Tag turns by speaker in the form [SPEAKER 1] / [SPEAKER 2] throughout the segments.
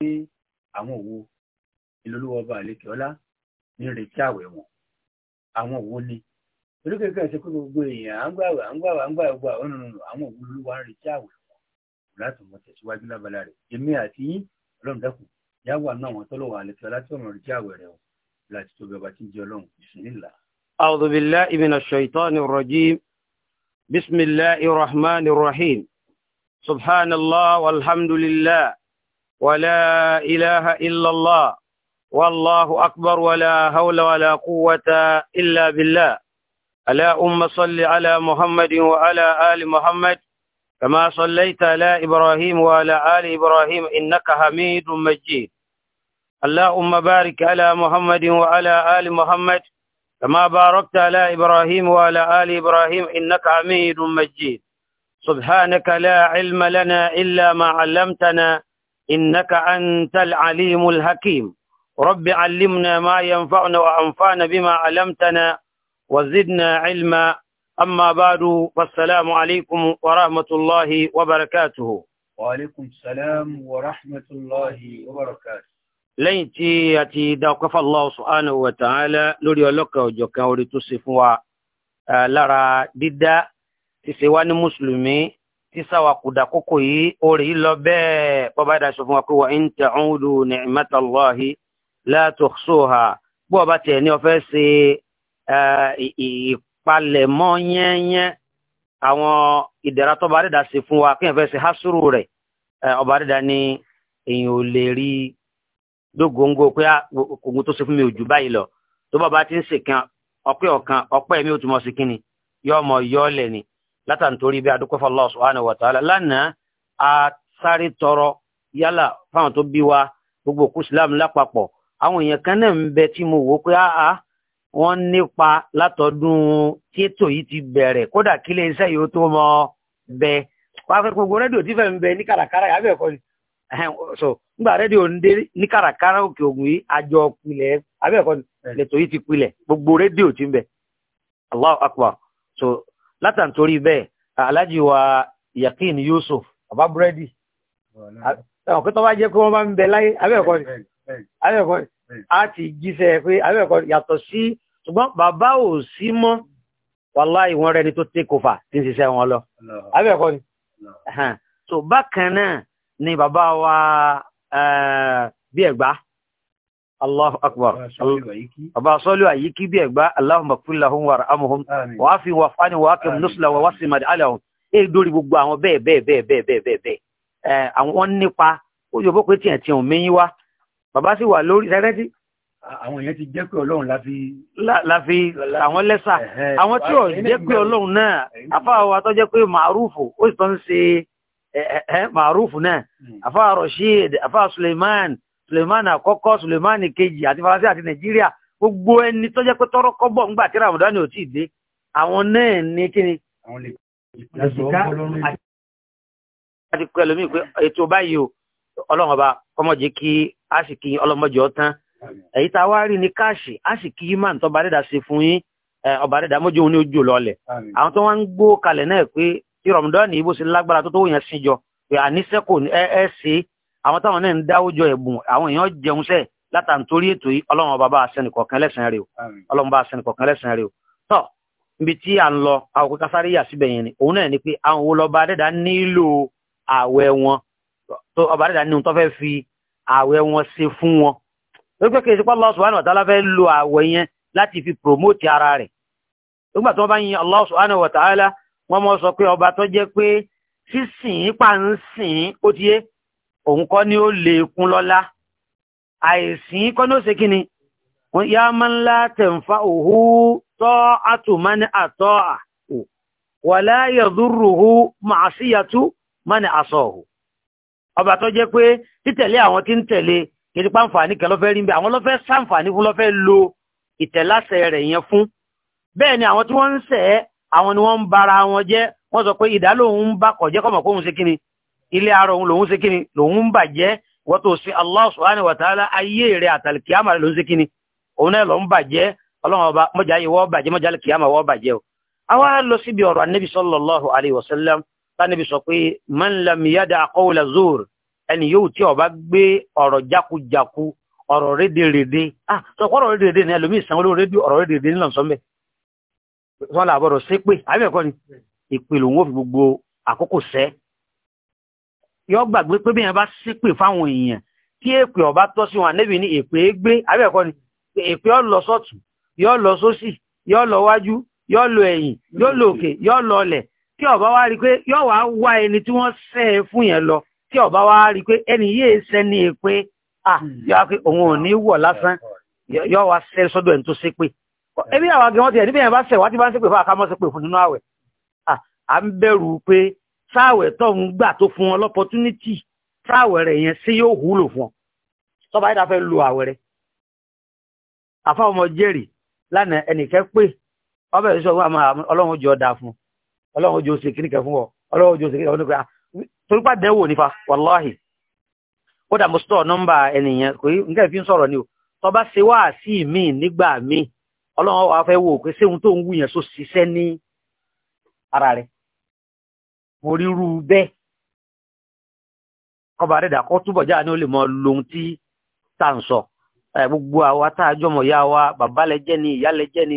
[SPEAKER 1] pé àwọn òwò ìlólúwọba àlekè ọlá ní retí àwẹ̀ wọn àwọn òwò ni torí kékeré ṣe pé gbogbo èèyàn à ń gbàwẹ̀ à ń gbàwẹ̀ à ń gbàwẹ̀ gbà ọ̀nà àwọn òwò olúwa ń retí àwẹ̀ wọn láti mọ tẹ̀síwájú lábala rẹ̀ èmi àti yín ọlọ́run dákun yá wà náà wọn tọ́lọ̀ wà tí ọ̀run retí àwẹ̀ rẹ̀ láti tóbi ọba tí ń jẹ ọlọ́run bismillah.
[SPEAKER 2] أعوذ بالله من الشيطان الرجيم بسم الله الرحمن الرحيم سبحان الله والحمد لله ولا إله إلا الله والله أكبر ولا هول ولا قوة إلا بالله ألا أم صل على محمد وعلى آل محمد كما صليت على إبراهيم وعلى آل إبراهيم إنك حميد مجيد اللهم بارك على محمد وعلى آل محمد كما باركت على إبراهيم وعلى آل إبراهيم إنك حميد مجيد سبحانك لا علم لنا إلا ما علمتنا إنك أنت العليم الحكيم رب علمنا ما ينفعنا وأنفعنا بما علمتنا وزدنا علما أما بعد فالسلام عليكم ورحمة الله وبركاته
[SPEAKER 1] وعليكم السلام ورحمة الله
[SPEAKER 2] وبركاته lẹ́yìn tí a ti dá ọkọ́ fàlọ́ subhanahu wa ta'ala lórí
[SPEAKER 3] ọlọ́kà ọ̀jọ̀kan orí tó ṣe fún wa lára dídá ti ṣe wá ní mùsùlùmí tíṣà wa kùdà kókò yìí orí lọ bẹ́ẹ̀ bọ́bá ìdáṣọ fún wa pé wa in ta'udu ni'matallahi la tuhsuha bí ọba tiẹ̀ ní ọfẹ́ ṣe ìpalẹ̀mọ́ yẹ́nyẹ́ àwọn ìdẹ̀ra tọ́ba àdìdá ṣe fún wa kí n fẹ́ ṣe hásùrù rẹ̀ ọba àdìdá ni èèyàn ò lè rí dógóńgó pé ogun ah, tó ṣe fún mi ò jù báyìí lọ tó bàbá ti ń ṣèkan ọpẹ́ ọ̀kan ọpẹ́ mi ò túmọ̀ sí kínni yọ ọmọ yọ ọ lẹ̀ ni látàntorí bí adúkọ́fà Allah subhanahu wa ta'ala lánàá a sáré tọrọ yálà fáwọn tó bí wa gbogbo òkú islam lápapọ̀ àwọn èèyàn kan náà ń bẹ tí mo wò pé àá wọ́n nípa látọdún tí ètò yìí ti bẹ̀rẹ̀ kódà kí lè iṣẹ́ yìí ó tó mọ bẹ wàá fẹ́ gbogbo rédíò tí fẹ́ẹ́ ń bẹ ní kàràkàrà yàrá bẹ́ẹ̀ ni so nígbà rédíò ń dé ní kàràkàrà òkè ògùn yìí àjọ pilẹ̀ abẹ́ẹ̀kọ́ lẹ́tọ̀ yìí ti pilẹ̀ gbogbo rédíò ti ń bẹ Allahu akbar so látàntorí bẹ́ẹ̀ aláàjì wa yakin yusuf bàbá búrẹ́dì àwọn kí tó bá jẹ́ pé wọ́n bá ń bẹ láyé abẹ́ẹ̀kọ́ abẹ́ẹ̀kọ́ a ti jíṣẹ́ pé abẹ́ẹ̀kọ́ yàtọ̀ sí ṣùgbọ́n bàbá ò sí mọ́ wàláì wọ́n rẹni tó tẹ́ kófà tí ń ṣiṣẹ́ wọn lọ abẹ́ẹ̀kọ́ ni so bákan náà ni bàbá wa eh, bí ẹ̀gbá Allahu akbar. Ọba sọ́lú àyí kí bí ẹgbá Allahumma kul lahum warhamhum wà fi wà fáni wà kí Nusla wà wá sí Màdí Aláhùn. Èyí dórí gbogbo àwọn bẹ́ẹ̀ bẹ́ẹ̀ bẹ́ẹ̀ bẹ́ẹ̀ bẹ́ẹ̀ bẹ́ẹ̀ bẹ́ẹ̀. Ẹ àwọn nípa ó yọ bó pé tiẹ̀ tiẹ̀ ò méyìn wá. Bàbá sì wà lórí sẹ́rẹ́tì. Àwọn èèyàn ti jẹ́ pé Ọlọ́run la fi. La fi àwọn lẹ́sà. Àwọn tí ò jẹ́ pé Ọlọ́run náà suleiman àkọ́kọ́ suleiman kejì àti faransé àti nàìjíríà gbogbo ẹni tó jẹ́ pé tọ́rọ́ kọ́bọ̀ ńgbà tí ramadan ò tí ì dé àwọn náà ní kíni. àwọn lè jìká àti pẹ̀lú mi pé ètò báyìí o ọlọ́run ọba kọ́mọ̀jì kí a sì kí ọlọ́mọjì ọ̀tán èyí tá a wá rí ní káàṣì a sì kí imán tó bá dẹ́dà ṣe fún yín ọba dẹ́dà mójú òun ní ojú lọ́lẹ̀ àwọn tó wá ń gbó kalẹ̀ náà pé tí ramadan yìí lágbára tó tó wòyàn síjọ pé àníṣẹ́kù ẹ ẹ ṣe é àwọn táwọn náà ń dáwójọ ẹ̀bùn àwọn èèyàn jẹun sẹ́ẹ̀ látàntorí ètò yìí ọlọ́run ọba bá a sẹ́ni kọ̀ọ̀kan lẹ́sàn-án rè o ọlọ́run bá a sẹ́ni kọ̀ọ̀kan lẹ́sàn-án rè o tọ́ ibi tí à ń lọ àwọn òkúta sáré yà síbẹ̀ yẹn ni òun náà ni pé àwọn owó lọ́ba adẹ́dá nílò ààwẹ̀ wọn tó ọba adẹ́dá ní ohun tó fẹ́ fi ààwẹ̀ wọn ṣe fún wọn wípé kì í ṣe Allah subhanahu wa ta'ala fẹ́ lo ààwẹ̀ yẹn láti fi promote ara rẹ̀ nígbà tí wọ́n bá yin Allah subhanahu wa ta'ala wọ́n mọ̀ sọ pé ọba tó jẹ́ pé sísìn pà ń sìn ó ti yé òun kọ́ ni ó lè kún lọ́lá àìsìn kọ́ ní ó ṣe kíni wọ́n yá máa ń lá tẹ̀m̀fà òhú tọ́ àtùmánì àtọ́ à wà láyé dúrùhú máa síyàtú mánì àsọ̀hù ọba tó jẹ́ pé títẹ̀lé àwọn tí ń tẹ̀lé kìí pàǹfààní kẹ́ lọ́fẹ́ rí bí àwọn lọ́fẹ́ sàǹfààní fún lọ́fẹ́ lo ìtẹ̀láṣẹ rẹ̀ yẹn fún bẹ́ẹ̀ ni àwọn tí wọ́n ń sẹ́ àwọn ni wọ́n ń bara wọn jẹ́ wọ́n sọ pé ìdálóhun ń bá kọ̀jẹ́ kọ̀mọ̀ kóhun ṣe kíni ilé ara òun lòun ṣe kíni lòun ń bàjẹ́ wọ́n tó sin Allah subhanahu wa ta'ala ayé rẹ̀ àtàlìkíyàmà rẹ̀ lòun ṣe kíni òun náà lọ ń bàjẹ́ ọlọ́run ọba mọ́jà yìí wọ́n bàjẹ́ mọ́jà o. àwa lọ síbi ọ̀rọ̀ anabi sọlọ alayhi wa sallam tánibí sọ pé yada qawla ẹni yóò tí gbé ọrọ jákujàku ọrọ rédèrèdè ah so ọ̀rọ̀ rédèrèdè ni ẹlòmíì ọrọ rédèrèdè yọ gbàgbé pé bí yẹn bá ṣépè fáwọn èèyàn tí èpè ọba tọ́ sí wọn ànẹ́bì ní èpè é gbé abẹ́ẹ̀kọ́ ni èpè ó lọ yọ lọ sósì yọ lọ wájú yọ lọ ẹ̀yìn yọ lọ òkè yọ lọ ọlẹ̀ tí ọba wá rí pé yọ wá wá ẹni tí wọ́n sẹ́ ẹ fún yẹn lọ tí ọba wá rí pé ẹni yéé sẹ́ni èpè ah hmm. yọ wá pé òun ò ní wọ̀ lásán yọ wá sẹ́ sọ́dọ̀ ẹni tó ṣépè ẹbí àwọn agẹwọ́n ti ẹ̀ níbi yẹn bá sẹ̀ wá ti bá ń ṣépè fún àkámọ́ ṣépè fún nínú àwẹ̀ à ń bẹ̀rù pé sáàwẹ̀ tó ń gbà tó fún ọ lọ́pọ̀túnítì sáàwẹ̀ rẹ̀ yẹn sí yóò wúlò fún ọ tọ́ba yìí dáfẹ́ lu àwẹ̀ rẹ̀ àfa ọmọ jẹ́rìí lánàá ẹnìkẹ́ pé ọbẹ̀ sọ fún àwọn ọlọ́run ojú ọ̀dà fún ọlọ́run ojú oṣù kìnnìkẹ́ fún ọ ọlọ́run ojú oṣù kìnnìkẹ́ fún ọ torípa dẹ́wò nípa wàláhì ó dà mo sọ nọ́mbà ẹnìyẹn pé nǹkan fi mi nígbà mi ọlọ́run wàá fẹ́ wò pé ṣé ohun mo rírú bẹ́ẹ̀ kọba rẹ̀dà kọ́ túbọ̀ jáà ní ó lè mọ lohun tí tá ń sọ gbogbo àwa tá a jọmọ̀ wa bàbá lẹ́jẹ́ ni ìyá lẹ́jẹ́ ni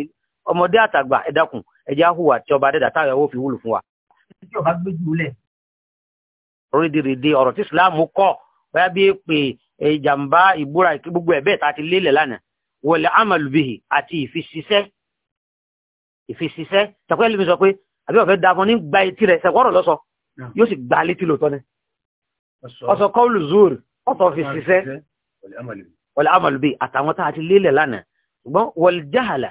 [SPEAKER 3] ọmọdé àtàgbà tí ọba fi wúlò fún wa. ẹjọ́ ọba gbé jù lẹ̀. ọ̀rọ̀ tí Islam bóyá bí gbogbo ẹ̀ ti lélẹ̀ lánàá wọlé àbí ọ̀fẹ́ da fún ní gba etí rẹ̀ sẹ̀kọ́rọ̀ lọ́sọ yóò sì gba létí lòtọ́ ní ọsọ kọlù zúrì ọ̀tọ̀ fi ṣiṣẹ́ wọlé amalubi àtàwọn tàà ti lélẹ̀ lánàá ṣùgbọ́n wọlé jáhàlà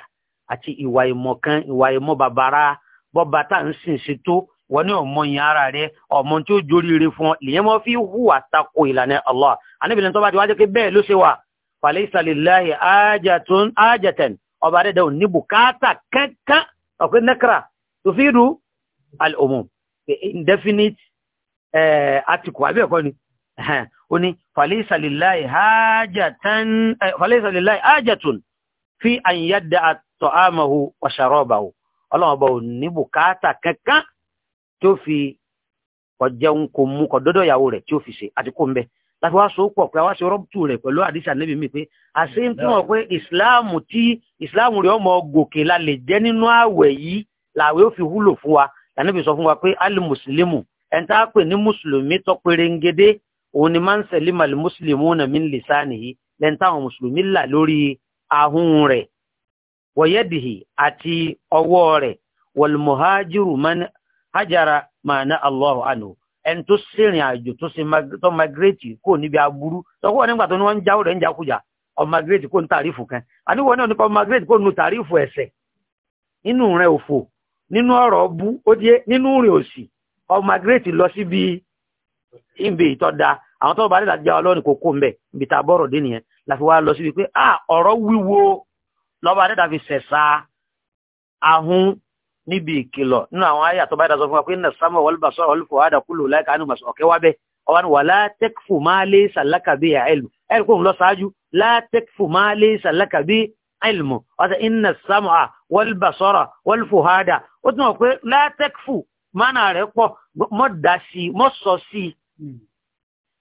[SPEAKER 3] àti ìwà ìmọ̀ kan ìwà ìmọ̀ bàbára bọ́ba tá ń sìn sí tó wọn ní ọmọ yẹn ara rẹ ọmọ tí ó jóríire fún ọ lèyẹn mọ́ fi hùwà tako ìlànà Allah anábìlẹ̀ tó bá ti wájú pé bẹ́ẹ̀ ló ṣe wà falẹ́ ìsàlẹ̀ láàyè ájàtẹ̀ ọba rẹ̀ dẹ̀ ò bùkátà kankan ọ̀pẹ́ nẹ́kàrà tufidu al-umum indefinite eh, article àbí ẹ̀kọ́ ni ó ní falaysa eh, lillahi hajatun fi an yadda'a ta'amahu wa sharabahu ọlọ́wọ́ bá ò ní bùkátà kankan tí ó fi kọjẹun kò mú kọ dọ́dọ̀ ìyàwó rẹ̀ tí ó fi ṣe àti kó ń bẹ láti wá sọ pọ̀ pé wá ṣe rọ́bùtù rẹ̀ pẹ̀lú àdìsí ànẹ́bí mi pé àṣẹ ń túmọ̀ pé ìsìláàmù tí ìsìláàmù rẹ̀ ọmọ gòkè la lè jẹ́ nínú ààwẹ̀ yìí làwẹ̀ wee fi wúlò fún wa lànàbí sọ fún wa pé al pè ní mùsùlùmí òun ni máa ń sẹ̀lẹ̀ màlì muslimuna min lisanihi lẹ́ni táwọn mùsùlùmí là lórí ahun rẹ̀ wọ̀yẹ́dìhì àti ọwọ́ rẹ̀ hajara màánà Allahu anhu ẹni tó sìnrìn àjò tó sì tó migrate kò níbi aburú tọ́kọ́ nígbà tó ní wọ́n ń jáwó rẹ̀ ń jákújà migrate ní tàrífù kan àníwọ̀n nínú ọ̀rọ̀ bú ó díẹ̀ nínú rìn òsì ọmọ agrate lọ síbi ìbè ìtọ́da àwọn tọ́wọ́ bá dé láti já ọlọ́run kò kó mbẹ̀ ibi tá a bọ́rọ̀ dé nìyẹn láfi wá lọ síbi pé à ah, ọ̀rọ̀ wíwo lọ́ba dẹ́ta fi sẹ̀sà ahun níbi ìkìlọ̀ nínú àwọn àyà tó bá dá sọ fún wa pé nàṣàmọ̀ wọlébàṣọ́ ọlùfọ̀ àdàkùlò láìka àánú màṣọ ọ̀kẹ́ wá bẹ́ ọwọ́ ni wà látẹ́kfù máa lé sàlákàbí àìlù ẹ̀rù kò ń lọ ṣáájú látẹ́kfù máa lé sàlákàbí ilmu ọ̀sẹ̀ inna sam'a wal basara wal fuhada ó tún wọ̀ pé la takfu mánà rẹ̀ pọ̀ mọ́ dá sí i mọ́ sọ sí i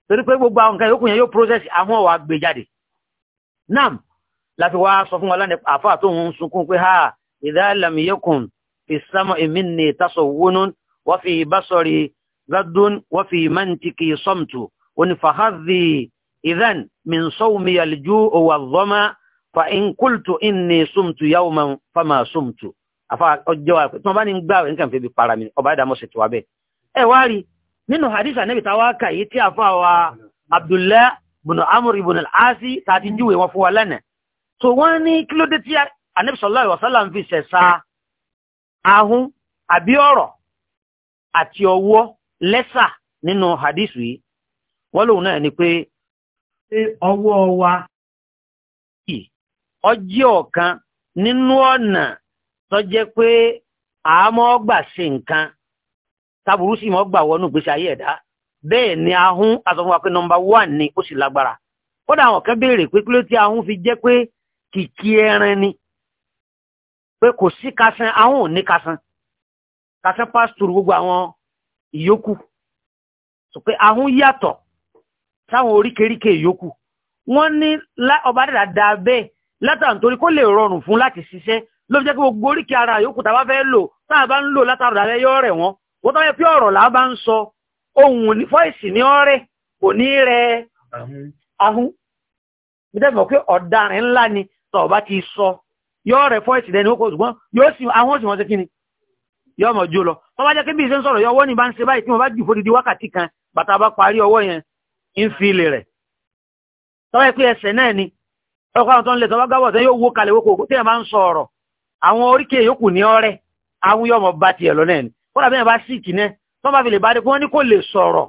[SPEAKER 3] torí pé gbogbo àwọn nǹkan yòókù yẹn yóò process àwọn ọ̀wà gbé jáde nam láti wá sọ fún wa lánàá àfáà tó ń sunkún pé ha idha lam yakun fi sam'i minni tasawwunun wa fi basari zaddun wa fi mantiki samtu onífàhádìí idhan min sawmi al-ju'u wal-dhama fa in kultu inni sumtu yawman fama sumtu afa ọjọ́ wa tí wọ́n bá ní gbà nǹkan fi bí para mi ọba ìdàmọ́ sì ti wá bẹ́ẹ̀. ẹ wá rí nínú hadith anabi ta wá kà yìí tí àfa wa abdullah ibn amr ibn al-asi ta ti júwe wọn fún wa lẹ́nà. so wọ́n ní kí ló dé tí anabi sallallahu alaihi wasallam fi ṣẹ̀ṣà ahun àbí ọ̀rọ̀ àti ọwọ́ lẹ́sà nínú hadith yìí wọ́n lòun náà ni pé ọwọ́ wa ọjẹ́ ọ̀kan nínú ọ̀nà tó jẹ́ pé àámọ́ ọgbà ṣe nǹkan táburú sì mọ́ gbà wọnú gbèsè ayé ẹ̀dá bẹ́ẹ̀ ni ahun àtọ́fún pé nọmba ni ó sì lágbára kódà àwọn kan béèrè pé kí ló ti ahun fi jẹ́ pé kìkì ẹran ni pé kò sí kásán ahun ò ní kásán gbogbo àwọn ìyókù sọ pé ahun yàtọ̀ sáwọn oríkèéríkèé ìyókù ọba dàda látà nítorí kó lè rọrùn fún láti ṣiṣẹ́ ló fi jẹ́ kí gbogbo oríkì ara yòókù tàbá fẹ́ lò táà bá ń lò látàrọ̀ dalẹ́ yọ́ rẹ̀ wọ́n wọ́n tọ́wẹ́ pí ọ̀rọ̀ làá bá ń sọ ohun ní fọ́ìsì ní ọ̀rẹ́ kò ní rẹ ahun bí dẹ́gbọ̀n pé ọ̀daràn ńlá ni tọ̀ọ̀bá ti sọ yọ́ rẹ̀ fọ́ìsì dẹni ó kò ṣùgbọ́n yóò sì àwọn òsì wọn ṣe kíni yọ́ mọ̀ jó lọ tọ́wọ́ jẹ́ kí bí iṣẹ́ ọkọ̀ àwọn tó ń lẹ̀ tọ́wọ́ gábọ̀ tẹ́ yóò wó kalẹ̀ wókò tí ẹ̀ máa ń sọ̀rọ̀ àwọn oríkèé yòókù ní ọrẹ́ àwọn yọmọ bá tiẹ̀ lọ náà ni kódà bí ẹ̀ bá sì kì náà tó bá fi lè bá dé wọ́n ní kò lè sọ̀rọ̀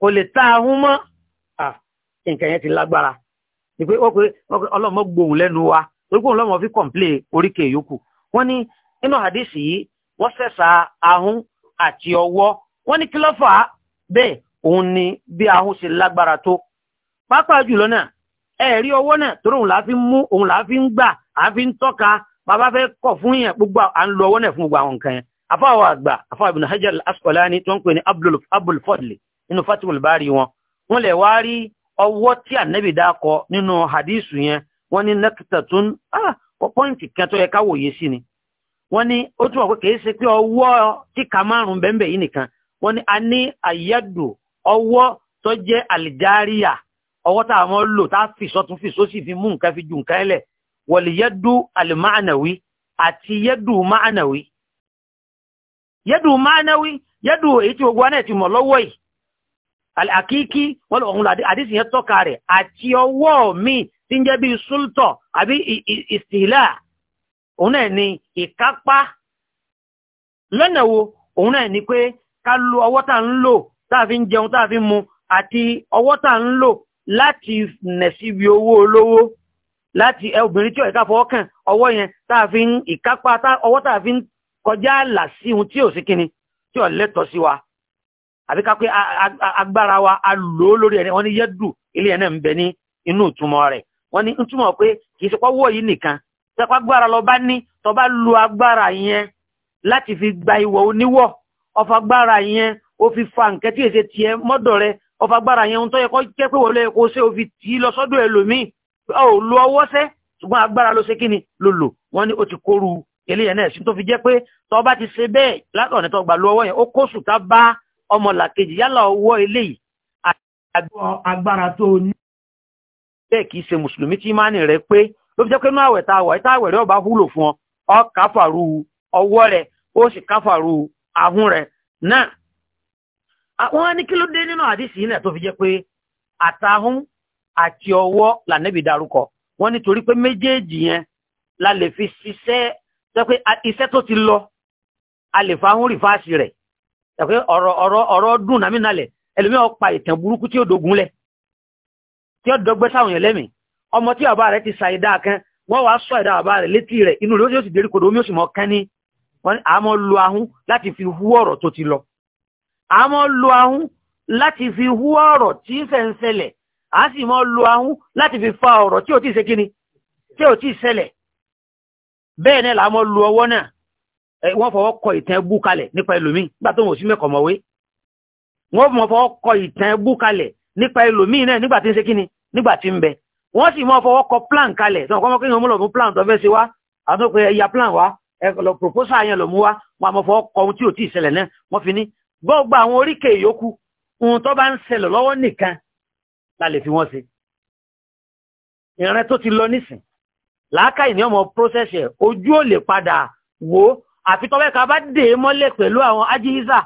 [SPEAKER 3] kò lè ta ahun mọ́ nǹkan yẹn ti lágbára ni ọlọ́mọ gbóhùn lẹ́nu wa torí pé fi kọ̀m̀plé oríkèé yòókù wọ́n ní inú àdìsí yìí wọ́n sẹ̀sà ahun àti ọwọ́ wọ́n ní kí bẹ́ẹ̀ òun ni bí ahun ṣe lágbára tó pàápàá jùlọ náà ẹ̀rí owó náà torí òun láfi ń mú òun láfi ń gbà àfi ń tọ́ka bàbá fẹ́ kọ̀ fún yẹn gbogbo à ń lo owó náà fún gbogbo àwọn nǹkan yẹn afáwọ̀ àgbà afáwọ̀ ibn hajar al tó ń pè ní abdul fadli nínú fatihul bari wọn wọn lè wá rí ọwọ́ tí ànábì dákọ nínú hadisu yẹn wọn ní nẹ́kítà tó ń pọ́ǹtì kan tó yẹ ká wòye sí ni wọn ní ó túnbọ̀ pé kìí ṣe pé ọwọ́ tíka márùn-ún bẹ́ẹ̀ nìkan wọn ní a ní àyẹ́dù ọwọ́ tó jẹ́ àlìjáríyà ọwọ́ tá a mọ́ lò tá a fi sọ́tún fi sósì fi mú nǹkan fi ju nǹkan ẹlẹ̀ wọ̀lì yẹ́dù àlùmáànàwí àti yẹ́dù máànàwí yẹ́dù máànàwí yẹ́dù èyí tí gbogbo wa ti mọ̀ lọ́wọ́ yìí àkíkí wọ́n lọ ọ̀hún àdísì yẹn tọ́ka rẹ̀ àti ọwọ́ mi tí ń jẹ́ bí sultọ̀ àbí ìsìlá òun náà ni ìkápá lọ́nà wo òun náà ni pé ká lo ọwọ́ tá ń lò tá a fi ń jẹun tá a fi ń mu àti ọwọ́ tá ń lò láti nẹ̀ síbi owó olówó láti ẹ obìnrin tí ọ̀yẹ́ká fọwọ́ kàn ọwọ́ yẹn tá a fi ń ìkápá ọwọ́ tá a fi ń kọjá àlà sí ohun tí ò sí kíni tí ò lẹ́tọ̀ọ́ sí wa àbí ká pé agbára wa a lò ó lórí ẹni wọn ní yẹ́dù ilé ẹ̀ náà ń bẹ ní inú ìtumọ̀ rẹ̀ wọn ní ìtumọ̀ pé kì í ṣe pọ́wọ́ yìí nìkan sẹ́pá agbára lọ bá ní tó bá lo agbára yẹn láti fi gba ìwọ̀ oníwọ̀ ọ̀fọ̀ agbára yẹn ó fi fa nǹkan tí èsè tiẹ̀ mọ́dọ̀ rẹ̀ ọfà gbára yẹn tó yẹ kọ́ jẹ́ pé wọlé kó ṣe òfi tí lọ sọ́dọ̀ ẹlòmíì ó lo ọwọ́ sẹ́ ṣùgbọ́n agbára ló ṣe kíni ló lò wọ́n ní ó ti kóru eléyẹn náà sí tó fi jẹ́ pé tó bá ti ṣe bẹ́ẹ̀ látọ̀nà tó gbà lo ọwọ́ yẹn ó kó sùtá bá ọmọ làkejì yálà ọwọ́ eléyìí agbára tó ní. bẹ́ẹ̀ kì í ṣe mùsùlùmí Ah, wọ́n ní kí ló dé nínú àdísì ilẹ̀ tó fi jẹ́ pé àtàhún àti ọwọ́ lànẹ́bì darúkọ wọ́n nítorí pé méjèèjì yẹn la lè fi ṣiṣẹ́ jẹ́ pé iṣẹ́ tó ti lọ a lè fahún rìfáàsì rẹ̀ jẹ́ pé ọ̀rọ̀ ọ̀rọ̀ ọ̀rọ̀ dùn náà mìnàlẹ̀ ẹlòmí ó pa ìtàn burúkú tí ó dogun tí ó dọgbẹ́ sáwọn yẹn lẹ́mìí ọmọ tí bàbá rẹ̀ ti sa ìdá kan wọ́n wàá sọ ìdá bàbá rẹ̀ létí rẹ̀ inú rẹ̀ ó sì dérí kodò omi ó sì mọ́ kán ní àmọ́ lo ahun láti fi hú ọ̀rọ̀ tó ti lọ a mọ́ lo ahun láti fi hú ọ̀rọ̀ tí ń fẹ́ ń ṣẹlẹ̀ a sì mọ́ lo ahun láti fi fa ọ̀rọ̀ tí ò tí ṣe tí ò tí ṣẹlẹ̀ bẹ́ẹ̀ náà la mọ́ lo ọwọ́ náà wọ́n fọwọ́ kọ ìtàn ẹbú kalẹ̀ nípa ẹlòmíì nígbà tó wọ́n sí mẹ́kọ̀ọ́ mọ̀wé wọ́n mọ̀ fọwọ́ kọ ìtàn ẹbú kalẹ̀ nípa ẹlòmíì náà nígbà plan kalẹ̀ tó kọ́mọ́ kí wọ́n plan tó fẹ́ ṣe plan wá ẹ̀kọ́ lọ proposal yẹn lọ mú wá wọn àmọ́ fọwọ́ kọ ohun tí ò tí ì náà wọ́n fi ní gbogbo àwọn oríkè yòókù ohun tó bá ń ṣẹlẹ̀ lọ́wọ́ nìkan la lè fi wọ́n ṣe ìran tó ti lọ nísìn làákàyè ní ọmọ prósẹ̀sì ẹ̀ ojú ò lè padà wò ó àfi tọ́wẹ́ ká bá dè é mọ́lẹ̀ pẹ̀lú àwọn ajíhísà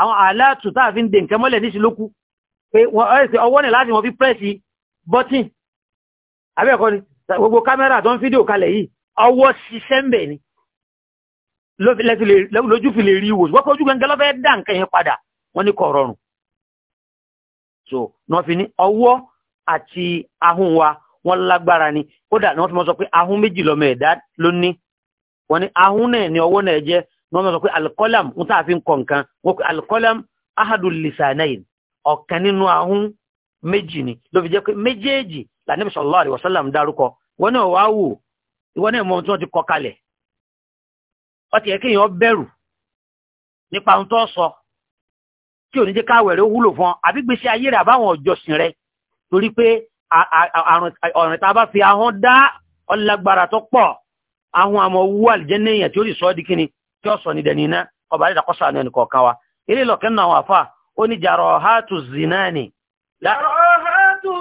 [SPEAKER 3] àwọn àláàtù tá a fi ń dè nǹkan mọ́lẹ̀ níṣì lókù pé ọwọ́ nì láti wọ́n fi pẹ́ẹ̀sì bọ́tìn abẹ́ẹ̀kọ́ ni gbogbo kámẹ́rà tó ń fídíò kalẹ̀ yìí ọwọ́ ṣiṣẹ́ ń ni lójú fi lè rí ìwòsàn wọ́n fojú gẹ́gẹ́ lọ́fẹ́ dá nǹkan yẹn padà wọ́n ní kò so wọ́n fi ní ọwọ́ àti ahun wa wọ́n lágbára ni kódà ni wọ́n fi mọ́ sọ pé ahun méjì lọ́mọ ẹ̀dá ló ní wọ́n ní ahun náà ni ọwọ́ náà jẹ́ wọ́n mọ́ sọ pé alikọ́lám ń tà fi ń kọ nǹkan wọ́n pe alikọ́lám ahadul lisanayin ọ̀kan nínú ahun méjì ni ló fi jẹ́ pé méjèèjì lànà sallallahu alaihi wasallam dárúkọ wọ́n náà wá wò wọ́n náà mọ tí wọ́n ti kọ kalẹ̀ ọtí ẹ̀kẹ́ yẹn bẹ̀rù nípa ohun tó sọ tí ò ní jẹ́ káwẹ̀ rẹ̀ wúlò fún ọ àbí gbèsè ayé rẹ̀ àbáwọn ọjọ́sìn rẹ̀ torí pé ọ̀rìn tá a bá fi ahọ́n dá ọlágbára tó pọ̀ ahọ́n àmọ́ wú àlìjẹ́ nìyẹn tí ó sì sọ ọ́ di kíni tí ó sọ ní dẹni iná ọba àdìdà kọ́ sàánú ẹnì kọ̀ọ̀kan wa ilé ìlọ̀kẹ́ nínú àwọn àfà ó ní jarahatu zinani.
[SPEAKER 2] jarahatu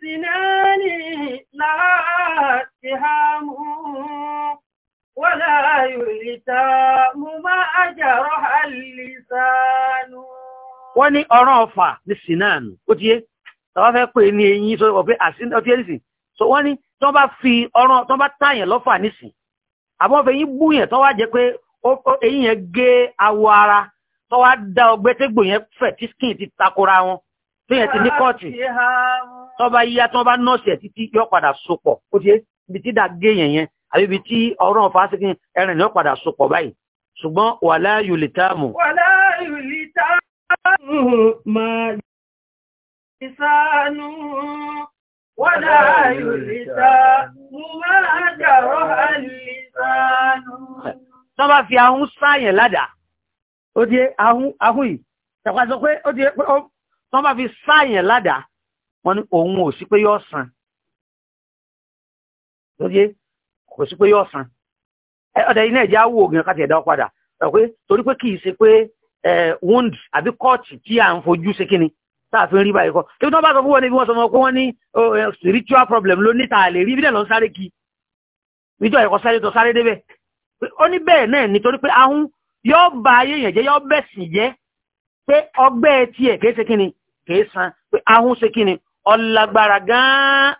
[SPEAKER 2] zinani láti ha ولا
[SPEAKER 3] يلتام ما أجرح اللسان wọ́n ní ọ̀ràn ọ̀fà ní sinanu ó ti yé tàbá fẹ́ pè ní eyín tó wọ̀ so wọ́n ní tó bá fi ọ̀ràn tó bá tààyàn lọ́fà nísìn àbọ̀ fẹ́ yín búyàn tó wá jẹ́ pé eyín yẹn gé awọ ara tó wá da ọgbẹ́ tégbò yẹn fẹ̀ tí skin ti takora wọn tó yẹn ti ní kọ́ọ̀tì tó bá yíyá tó bá nọ́ọ̀sì ẹ̀ títí yọ padà sopọ̀ ó ti yé ibi tí dà gé yẹn àbíbi tí ọ̀rọ̀ fásikin ẹ̀rìn ni ó padà sopọ̀ báyìí ṣùgbọ́n wàlá yòlì táàmù. wàlá yòlì táàmù máa yẹ sánú wàlá yòlì táàmù máa jàrọ̀ àlè sánú. tọ́ bá fi ahun sáyẹn ládàá ó di ahun ahun yìí tẹ̀kọ́ sọ pé ó di tọ́ bá fi sáyẹn ládàá wọ́n ní òun ò sí pé yóò san. ó di kò sí pé yóò san ọ̀dà iná ẹ̀jẹ̀ á wò gan káti ẹ̀dá padà pé torí pé kì í ṣe pé wound àbí kọ́ọ̀tì tí à ń fojú ṣe kíni tá a fi ń rí báyìí kọ́ kí wọ́n bá sọ fún wọn níbi wọ́n sọ fún wọn ní spiritual problem ló níta àlè rí bídẹ̀ lọ sáré kí níjọ́ ẹ̀kọ́ sáré tó sáré débẹ̀ ó ní bẹ́ẹ̀ náà nítorí pé ahun yóò ba ayé yẹn jẹ́ yóò bẹ̀sìn jẹ́ pé ọgbẹ́ tiẹ̀ kìí ṣe kíni kìí san pé ahun ṣe kíni ọlágbára gan-an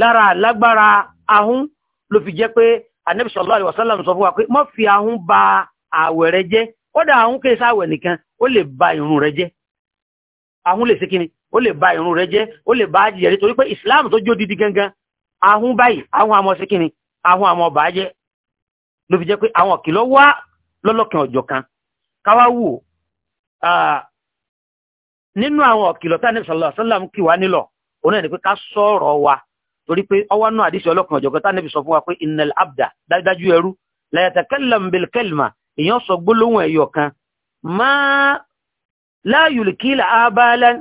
[SPEAKER 3] lára lágbára ahun ló fi jẹ́ pé anabi sallallahu alaihi wasallam sọ fún wa pé má fi ahun ba àwẹ̀ rẹ jẹ́ kódà ahun kéésà àwẹ̀ nìkan ó lè ba irun rẹ jẹ́ ahun lè ṣe ó lè ba irun rẹ jẹ́ ó lè ba àjẹyẹ nítorí pé islam tó jó didi gangan ahun báyìí ahun àmọ́ ṣe kíni ahun àmọ́ bàájẹ́ ló fi jẹ́ pé àwọn kìlọ̀ wá lọ́lọ́kan ọjọ́ kan káwá wò nínú àwọn ọ̀kìlọ̀ tá ní sallallahu alaihi wasallam kì wá nílọ̀ òun náà ni pé ká sọ̀rọ̀ wa torí pé ọwọ́ náà àdíṣe ọlọ́kan ọ̀jọ̀gọ́ tá níbi sọ fún wa pé innal abda dájú ẹrú la yatakallam bil kalma èèyàn sọ gbólóhùn ẹ̀yọ̀ kan máa la yulkila abalan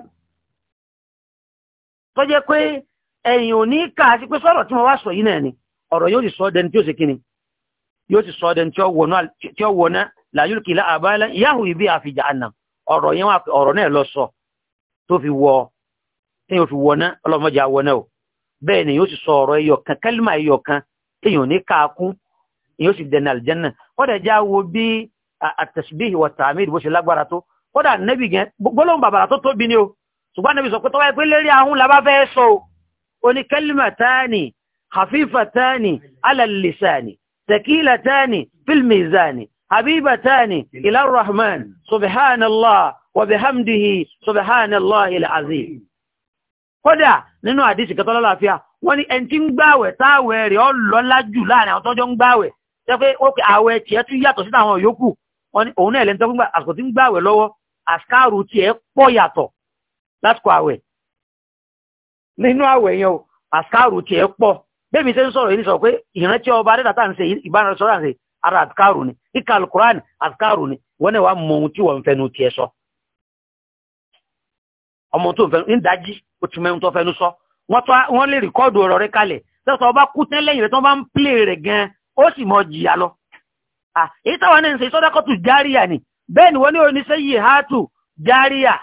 [SPEAKER 3] tó jẹ́ pé ẹ̀yìn ò ní ká sí pé sọ̀rọ̀ tí mo wá sọ yìí náà ni ọ̀rọ̀ yóò sì sọ ọdẹni tí ó sì kíni yóò sì sọ ọdẹni tí ó wọná la yulkila abalan yahu ibi àfi jahannam ọ̀rọ̀ yẹn ọ̀rọ̀ náà lọ sọ tó fi wọ tí yóò fi wọná ọlọ́mọdé àwọná o bẹ́ẹ̀ ni yóò sì sọ ọ̀rọ̀ ẹyọ kan kálímà ẹyọ kan èèyàn ní káàkún yóò sì dẹ̀nà àlìjẹ́nà kọ́dà já wo bí àtẹ̀síbíhì wà tààmìlì bó ṣe lágbára tó kọ́dà nẹ́bì gẹn gbólóhùn bàbàrà tó tóbi ni o ṣùgbọ́n nẹ́bì sọ pé tọ́wọ́ ẹgbẹ́ lérí ahun la bá fẹ́ sọ o ó ní kálímà táàní hafifa táàní alàlìsàní tẹkílà táàní fílmìzàní habiba táàní ilá rahman subhanallah wa bihamdihi subhanallah il kódà nínú àdísì kẹtọ́ lọ́láfíà wọ́n ní ẹni tí ń gbààwẹ̀ táwẹ̀ rẹ̀ ọ lọ́lá jù láàrin àwọn tọ́jọ́ ń gbààwẹ̀ tẹ́ pé ókè àwẹ̀ tiẹ̀ tún yàtọ̀ sí àwọn yòókù wọ́n ní òun náà lẹ́ni tọ́gbà àsìkò tí ń gbààwẹ̀ lọ́wọ́ àsìkáàrù tiẹ̀ pọ̀ yàtọ̀ lásìkò àwẹ̀ nínú àwẹ̀ yẹn o àsìkáàrù tiẹ̀ pọ̀ bẹ́ẹ̀mi ṣe ń sọ̀rọ̀ yìí sọ pé ìrántí ọba adẹ́dàtà ń ṣe ìbánisọ̀rọ̀ ń ṣe ara àsìkáàrù ni kíkà alukuráànì àsìkáàrù ni wọ́n náà wàá mọ ohun tí wọ́n ń fẹnu tiẹ̀ sọ ọmọ tó fẹnu ń dájí ó ti mẹ́rin tó fẹnu sọ wọ́n lè rìkọ́ọ̀dù ọ̀rọ̀ rẹ kalẹ̀ sọ́tọ̀ ọba kú tán lẹ́yìn rẹ̀ tó bá ń plé rẹ̀ gan ó sì mọ jìyà lọ. èyí táwọn náà ń ṣe sọ́dákọ́tù járíà ni bẹ́ẹ̀ ni wọ́n ní oníṣẹ́ yìí háàtù járíà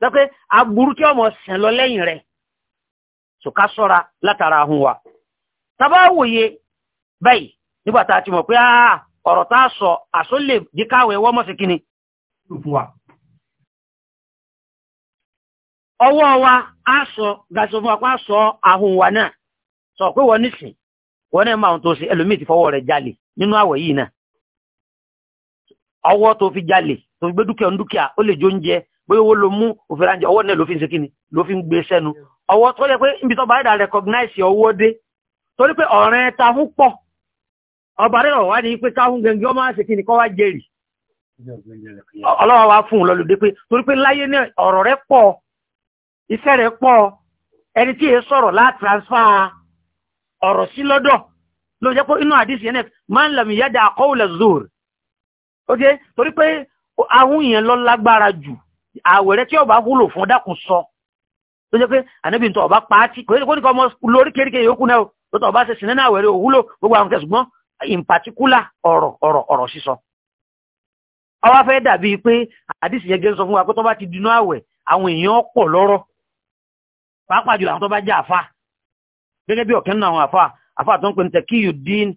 [SPEAKER 3] sọ pé aburú tí ọmọ sàn lọ lẹ́yìn rẹ̀ ṣùkà sọ́ra látara ahun wa. tábà wòye báyìí nígbà tá a ti mọ̀ pé ọ̀rọ̀ tá a sọ àsọ lè díkàwé wọ́mọ̀ sí kinní. ọwọ́ ọwa á sọ gàṣọ fún sọ náà sọ pé wọ́n nísìn wọ́n náà máa tó ṣe ẹlòmíì ti fọwọ́ rẹ̀ jalè nínú àwẹ̀ yìí náà ọwọ́ tó fi jalè tó fi gbé dúkìá ń dúkìá ó lè jó oúnjẹ bóyá owó ló mú òfin ránjẹ ọwọ́ náà ló fi ń ló fi ń gbé sẹ́nu ọwọ́ tó yẹ pé níbi tó dà iṣẹ́ rẹ̀ pọ̀ ẹni tí èyí sọ̀rọ̀ láti transfer ọ̀rọ̀ sí lọ́dọ̀ ló jẹ́ pé inú àdísì yẹn máa ń lẹ̀mí yáda àkọ́wùlẹ̀ zoor ó jẹ́ torí pé ahun yẹn lọ lágbára jù àwẹ̀rẹ́ tí ọba wúlò fún dákun sọ ló jẹ́ pé ànábì tó ọba pàátì kò ní kọ́ ọmọ lórí kéríkè yòókù náà ó tó ọba ṣe sinẹ́ náà àwẹ̀rẹ́ òwúlò gbogbo àwọn kẹsùgbọ́n in particular ọ̀rọ̀ ọ̀rọ̀ ọ̀rọ̀ sísọ ọwá fẹ́ dàbí pé àdísì yẹn gẹ́ sọ fún wa pé tó bá ti dinú àwẹ̀ àwọn èèyàn pọ̀ lọ́rọ̀ pàápàá jùlọ àwọn tó bá jẹ́ àfa gẹ́gẹ́ bí ọ̀kẹ́ nínú àwọn àfa àfa tó ń pè ní Taqiyuddin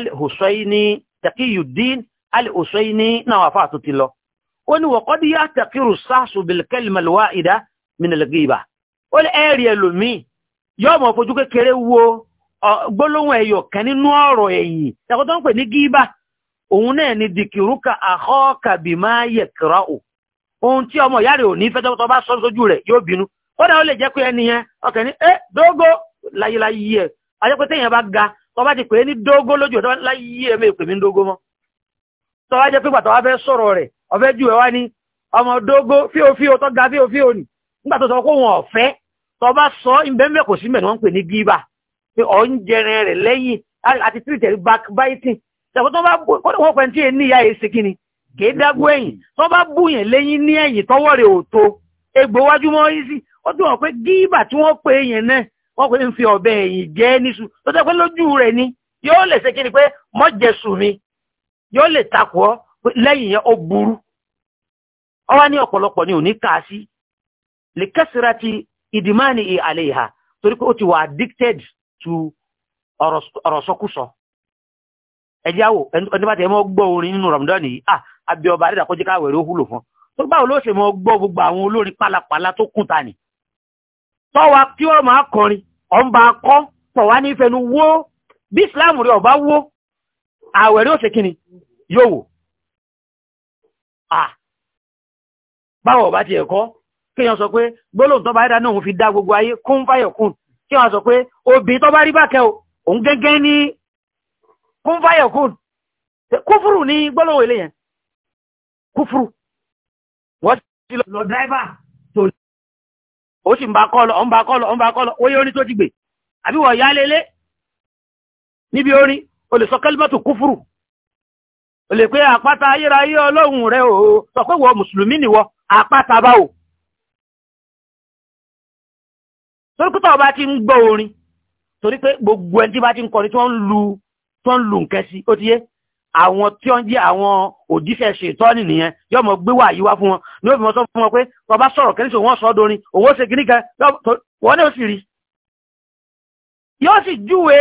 [SPEAKER 3] al-Husayni Taqiyuddin al-Husayni náà àfa tó ti lọ ó ní wọ̀kọ́ dí yàtàkìrù sáàsù bilkẹ́lìmọ̀lúwà ìdá minilgiba ó lè ẹ̀rì ẹlòmíì yóò mọ̀ fojú kékeré wo gbólóhùn ẹ̀yọ̀ kan nínú ọ̀rọ̀ ẹ̀yìn ẹ̀kọ́ tó ń pè ní gíbà òun náà ni dìkìrúkà àhọ́ọ̀kà bí ohun tí ọmọ ìyá rẹ̀ fẹ́ tọ́tọ́ kódà ó lè jẹ́ pé ẹni yẹn ọkẹ̀ ní ẹ́ dógó láyéláyé ẹ̀ ajẹ́pẹ́ tẹ́yìn bá ga tọ́ba ti pè é ní dógó lójú ọjọ́ láyé ẹ̀ mẹ́pẹ̀ mí dógó mọ́ tọ́ba jẹ́ pé gbàtọ́ wa fẹ́ sọ̀rọ̀ rẹ̀ ju ẹ̀ wá ní ọmọ dógó fíofío tó ga fíofío nì nígbà tó sọ wọn ọ̀fẹ́ sọ ìbẹ́ńbẹ́ kò sí mẹ́rin wọ́n pè ní pé backbiting ṣàkó tó bá wọ́n pẹ̀ tí ẹ níyà èsì kíni kì í dágbó ẹ̀yìn tó bá lẹ́yìn ní ẹ̀yìn rẹ̀ ò ó tún wọ̀ pé gíbà tí wọ́n pè yẹn náà wọ́n pè ń fi ọ̀bẹ ẹ̀yìn jẹ́ níṣu tó tẹ́ pé lójú rẹ̀ ni yóò lè ṣe pé mọ́jẹsù mi yóò lè takò ọ́ lẹ́yìn yẹn ó burú ọ wá ní ọ̀pọ̀lọpọ̀ ni ò ní kà á sí lè ti ìdìmáàní ìhà ti wà addicted to ọ̀rọ̀ sọkúsọ àwò ẹni bá orin nínú Ramadan yìí à ọba ó fún tó báwo ló ṣe gbogbo àwọn olórin pálapàla tó kùn ta tọ́wa kí wọ́n máa kọrin ọ̀nba akọ́ tọ̀wá ní ìfẹ́nu wó bí islam rẹ̀ ọ̀bá wó àwẹ̀ rẹ̀ òsè kíni yóò wò báwọ̀ ọ̀bá ti ẹ̀kọ́ kí wọ́n sọ pé gbólóhùn tọ́ba ẹ̀dá náà fi dá gbogbo ayé kún fáyọ̀ kún kí wọ́n sọ pé obì tọ́ba rí bákẹ́ o òun gẹ́gẹ́ ní kún fáyọ̀ kún kúfùrù ní gbólóhùn eléyẹn kúfùrù wọ́n ti lọ dáìbà ó sì ń bá kọ́ lọ ọ̀nba kọ́ lọ ọ̀nba kọ́ lọ oyé orin tó ti gbè àbí wọ̀ ya lélé níbi orin o lè sọ kẹ́límọ́tò kúfúrù o lè pé àpáta ayérayé ọlọ́run rẹ o sọ pé wọ mùsùlùmí nìwọ àpáta bá o torí pé tọ́ọ̀ ti ń gbọ́ orin torí pé gbogbo ẹni tí bá ti ń kọrin tí wọ́n ń lu nǹkan sí ó ti yé àwọn tí ó ń jẹ́ àwọn òjíṣẹ́ ṣètọ́nì nìyẹn yóò mọ̀ gbé wà yíwá fún wọn ní ó fi mọ́ sọ fún wọn pé ọba sọ̀rọ̀ kẹ́lẹ́sì wọ́n sọ dorin owó ṣe kìíní kan wọ́n ní ó sì rí yóò sì júwe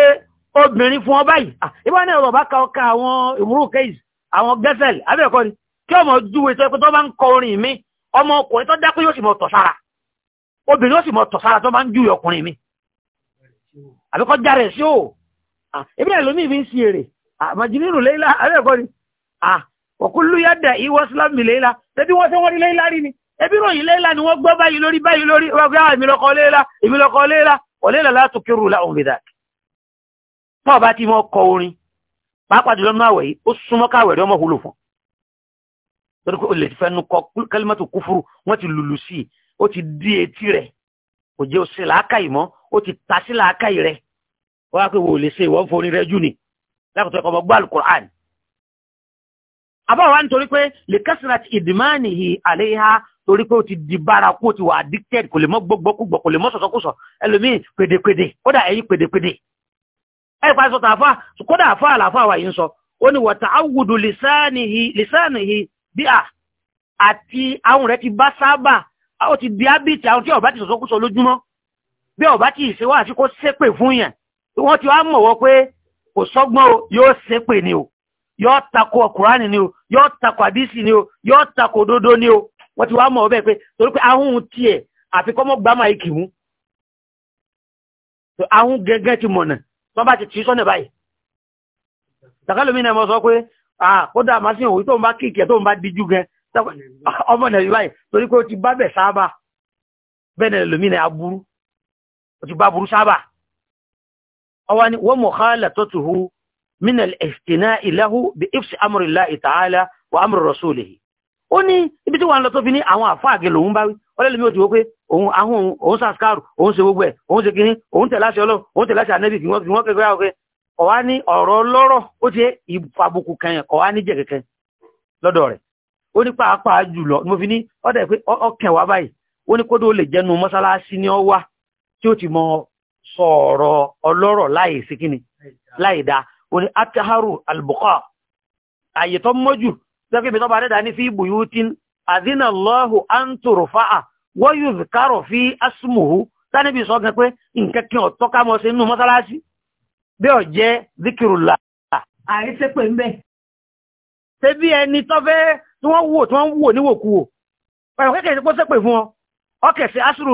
[SPEAKER 3] obìnrin fún wọn báyìí ìbá ní ọ̀rọ̀ bá ka ọka àwọn ìmúrù kéyìí àwọn gẹ́sẹ̀lì abẹ́ẹ̀kọ́ ni kí ọmọ júwe tó pé tó bá ń kọ orin mi ọmọ ọkùnrin tó dákú yóò sì mọ̀ tọ̀ sára obìnrin yóò sì mọ̀ tọ̀ sára tó bá ń júwe ọkùnrin mi àbíkọ́ járe sí ò ìbílẹ̀ lómi fi ń sí èrè àmàjìnínú ah, léyìnlá alẹ́kọ́ ni ọ̀kúnlú ah, yàdà ìwọ́sílámì léyìnlá tẹ́bí wọ́n tẹ́ wọ́n rí léyìnlá rí ni ẹbí ròyìn léyìnlá ni wọ́n gbọ́ báyìí lórí báyìí lórí ìmìlọ́kọ léyìnlá ìmìlọ́kọ léyìnlá ọ̀léyìnlá látò kírù láhùn bìdà tọ́ bá ti mọ́ kọ orin pàápàá jùlọ náà wẹ̀yí ó súnmọ́ káwẹ̀ rí ọmọ hulò fún torí pé olè ti fẹ́ nu kọ kálímọ́tò kúfúrú wọ́n ti lùlù sí i ó ti dí etí rẹ̀ kò jẹ́ òsè làákàyè mọ́ ó ti tasí làákàyè rẹ̀ wọ́n á pè wò lè ṣe ìwọ́n forin rẹ jù ni lákòótọ́ ẹ̀kọ́ ọmọ gbọ́ alukur'an àbáwá nítorí pé lè kásìrà ti ìdìmáàní hi àléhà torí pé ó ti di bárakú ó ti wà addicted kò lè mọ́ gbọ́gbọ́kúgbọ̀ kò lè mọ́ sọ̀sọ́kúsọ̀ ẹlòmíì pèdèpèdè kódà ẹ̀yìn pèdèpèdè ẹ̀yìn pàṣẹ sọ̀tà àfà kódà àfà àlàfà wà yìí ń sọ ó ní wọ̀tà áwùdù lìsáànìhì bí à àti àwọn rẹ̀ ti bá sábà ó ti di ábìtì àwọn tí ọ̀bá ti sọ̀sọ́kúsọ̀ lójúmọ́ bí ọ̀bá ti ìṣèwọ́ àti kó sépè fún yẹn wọ́n ti wá mọ̀ wọ́ pé kò sọ́gbọ́n o yóò ṣépè ni o yóò tako ọkùnránì ni o yóò tako àdísì ni o yóò tako òdodo ni o wọ́n ti wá mọ̀ ọbẹ̀ pé torí pé ahun tiẹ̀ àfi kọ́mọ́ gbá máa ikì mú ahun gẹ́gẹ́ ti mọ̀nà tó bá ti tì í sọ́nà báyìí tàkàlùmí náà mọ̀ sọ pé kódà máa sí òun tó ń bá kíkì ẹ̀ tó ń bá díjú gan ọmọ nàìjíríà báyìí torí pé ó ti bá bẹ̀ sáábà bẹ́ẹ̀ nàìjíríà lómìnira aburú ó ti bá burú sáábà ọwá ni wọ́n mukhalatatuhu min al-istina'i lahu bí ifsi amrillahi ta'ala wa amri rasulihi ó ní ibi tí wọ́n lọ tó fi ní àwọn àfáàgẹ̀ lòun bá wí ọlẹ́lẹ́mí ò ti wó pé òun ahun òun sàskàrù òun ṣe gbogbo ẹ̀ òun ṣe kìíní òun tẹ̀ láṣẹ ọlọ́run òun tẹ̀ láṣẹ anẹ́bì wọ́n fi wọ́n kẹ́kẹ́ ọ̀kẹ́ ọ̀wá ní ọ̀rọ̀ lọ́rọ̀ ó ti ìfàbùkù kan ọ̀wá ní jẹ̀ kẹ́kẹ́ lọ́dọ̀ rẹ̀ ó ní pàápàá jùlọ mo fi ní ọ̀dẹ̀ pé ọkàn wá báyìí ó ní kódó lè jẹnu mọ́sálásí ni ọ wá tí ó ti mọ sọ̀rọ̀ ọlọ́rọ̀ láì sí kíni láì dá o ní ataharu albuqa mọ́jù sẹ́kì bá ní fi buyutin adina wa fi asmuhu tánibí sọ gan pé sí inú mọ́sálásí bí jẹ́ pé ń ẹni fẹ́ tí wọ́n wò tí wọ́n wò níwòkuwò pẹ̀lú kékeré sẹ́pẹ̀ fún ọ ọkẹ̀ asùrù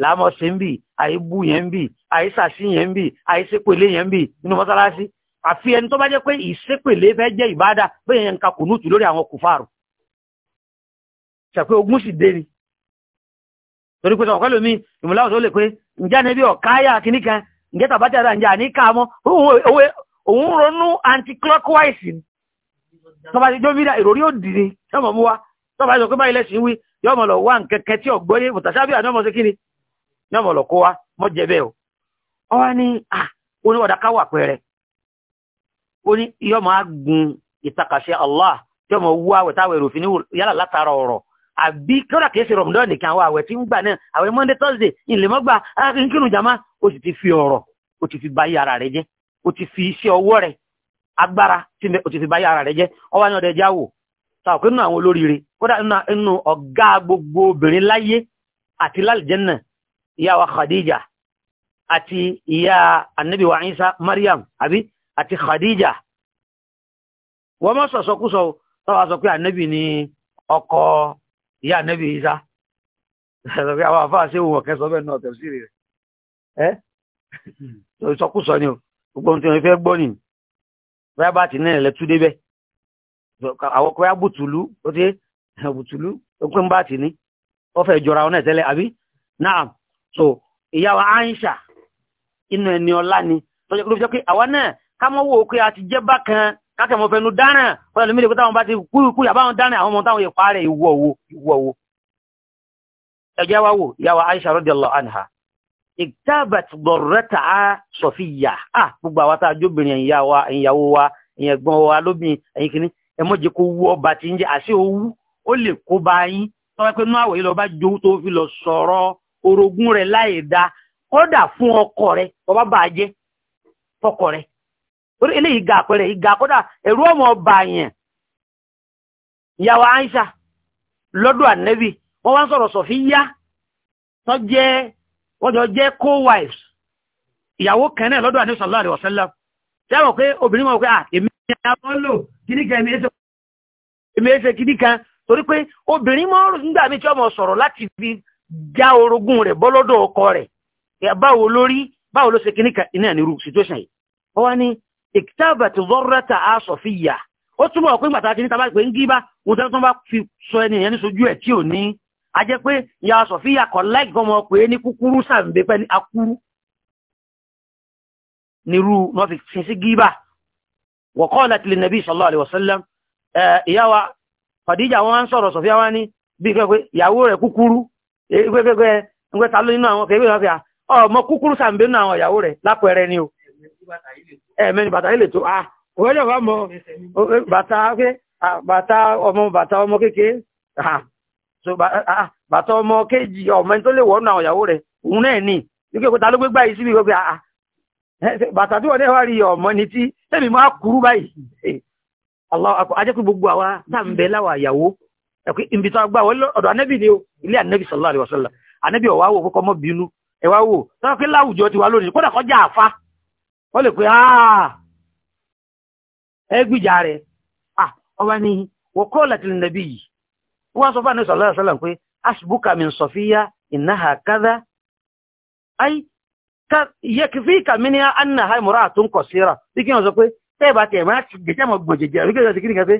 [SPEAKER 3] làámọ̀sí ń bì àìbù yẹn ń bì àìsàsí yẹn ń bì àìsépèlé yẹn ń bì nínú mọ́sálásí àfi ẹni tó bá jẹ́ pé fẹ́ jẹ́ ìbádà bẹ́ẹ̀ yẹn ń ka kùnúùtù lórí àwọn kùfàrù ṣàpé ogún sì dé ni torí pé sọ̀kọ́ lómi ìmúláwọ̀ tó lè pé ǹjẹ́ níbi ọ̀káyà kìíní kan ǹjẹ́ ǹjẹ́ àní ká mọ́ òun ronú tọ́ba ti jó òdì ni tọ́ba ti pé báyìí lẹ́sìn wí lọ wá nkẹ́kẹ́ tí ní ọmọ lọ kó wa mọ jẹ bẹ́ẹ̀ o ọ wá ní à ó ní ká wà pẹ́rẹ́ ó ní yóò máa gun ìtakàṣe Allah yóò máa wú àwẹ̀ táwọn èrò òfin yálà látara ọ̀rọ̀ àbí kọ́dà kìí ṣe rọ̀mùdọ́ nìkan àwọn àwẹ̀ tí ń gbà náà àwẹ̀ Monday Thursday ìlèmọ́gbà jama ti fi ọ̀rọ̀ o ti fi ba jẹ́ o ti fi iṣẹ́ ọwọ́ agbára o ti fi jẹ́ nínú àwọn olóríire nínú ọ̀gá gbogbo obìnrin láyé àti ìyá wa khadija àti ìyá annabi wa isa maryam àbí àti khadija wọ́n mọ́ sọ̀sọ́kúsọ tọ́wà sọ pé annabi ni ọkọ ìyá annabi isa ṣẹ̀sọ̀kẹ́ àwọn àfáà sí òun ọ̀kẹ́ sọ bẹ́ẹ̀ náà tẹ̀sí rẹ̀ ẹ́ sọ̀sọ́kúsọ ni gbogbo tí wọ́n fẹ́ gbọ́ nìyí bóyá bá ti ní ẹ̀lẹ́ tú débẹ̀ àwọn kọ́yá bùtùlù ó ti bùtùlù ó pín bá ti ní ó fẹ́ jọra ọ náà tẹ́lẹ̀ àbí so ìyá wa Aisha inú ẹni ọlá ni lọ́jọ́ jẹ́ pé àwa náà ká wò ó pé a ti jẹ́ bákan káàkiri ọmọ fẹnu dáràn wọ́n lè mí lè pé táwọn bá ti kúrukú àbáwọn dáràn àwọn ọmọ táwọn ìpa rẹ̀ ìwọ owó ìwọ owó ẹjẹ́ wa wò ìyá wa Aisha radiyallahu anha ìtàbàt dọ̀rẹ́ta Sọfíyà à ah, gbogbo àwọn àtàjọbìnrin ìyàwó wa ìyẹ̀gbọ́n wa lóbìnrin ẹ̀yìn kìíní ẹmọ́jẹ́ kó wú ọba tí ń jẹ́ àṣẹ owú ó lè kó bá yín tọ́wọ́ pé nú àwẹ̀ yìí lọ orogún rẹ láì dáa kódà fún ọkọ rẹ ọba bá fọkọ rẹ̀ orí eléyìí ga àpẹẹrẹ ìga kódà ọmọ ọba yẹn ìyàwó Aisha lọ́dọ̀ ànẹ́bì wọn wá ń tó jẹ wọ́n jọ co-wives ìyàwó kẹ́nẹ̀ lọ́dọ̀ ànẹ́bì sallallahu alaihi a tẹ́wọ̀ pé obìnrin pé à ah, èmi lò èmi torí pé obìnrin nígbà mi tí ọmọ sọrọ láti fi já orogún rẹ̀ bọ́lọ́dọ̀ ọkọ rẹ̀ báwo lórí báwo ló ṣe kíní ka iná nírú situation yìí ó wá ní ìkítàbà tí zọ́rọ́tà á sọ fi yà ó túnbọ̀ pé gbàtà ní tàbá pé ń gí bá wọn tẹ́lẹ̀ tó bá a jẹ́ pé ìyá sọ fi yà kọ́ láì gbọ́mọ pé ní kúkúrú sàǹbẹ́ pẹ́ ní akúrú wọn fi sin sí gí bá nàbí ìyá wa wọn sọ̀rọ̀ gbẹgbẹgbẹ ẹgbẹ ló nínú àwọn kẹwé wọn fi à ọmọ kúkúrú sàmbé nínú àwọn ìyàwó lápẹẹrẹ ni o ẹmẹni bàtà ilé tó ah òwe lè wà mọ bàtà ah, bàtà ọmọ bàtà ah, ah, bàtà kéjì ọmọ tó lè rẹ òun náà ló yìí bàtà tí rí ọmọ tí máa kúrú báyìí eh, gbogbo àwa ń ilé ànábì sallallahu alaihi wasallam ànábì ọ̀wá wò kọ́kọ́ mọ́ bínú ẹ̀wá wò sọ́kọ́ pé láwùjọ ti wá lónìí kódà kọjá àfa wọ́n lè pe ah, ẹ gbìjà rẹ̀ ọba ni wọ́n kọ́ láti nàbí yìí wọ́n sọ fún ànábì sallallahu alaihi wasallam pé asbuka min sọfíyá ìnáhà kádá ay yẹkifíkà mi ní anna ha ìmúra àtúnkọ̀ síra bí kí wọ́n sọ pé tẹ́ẹ̀bà tẹ̀ẹ̀mà jẹjẹmọ̀ gbọ̀n jẹjẹrẹ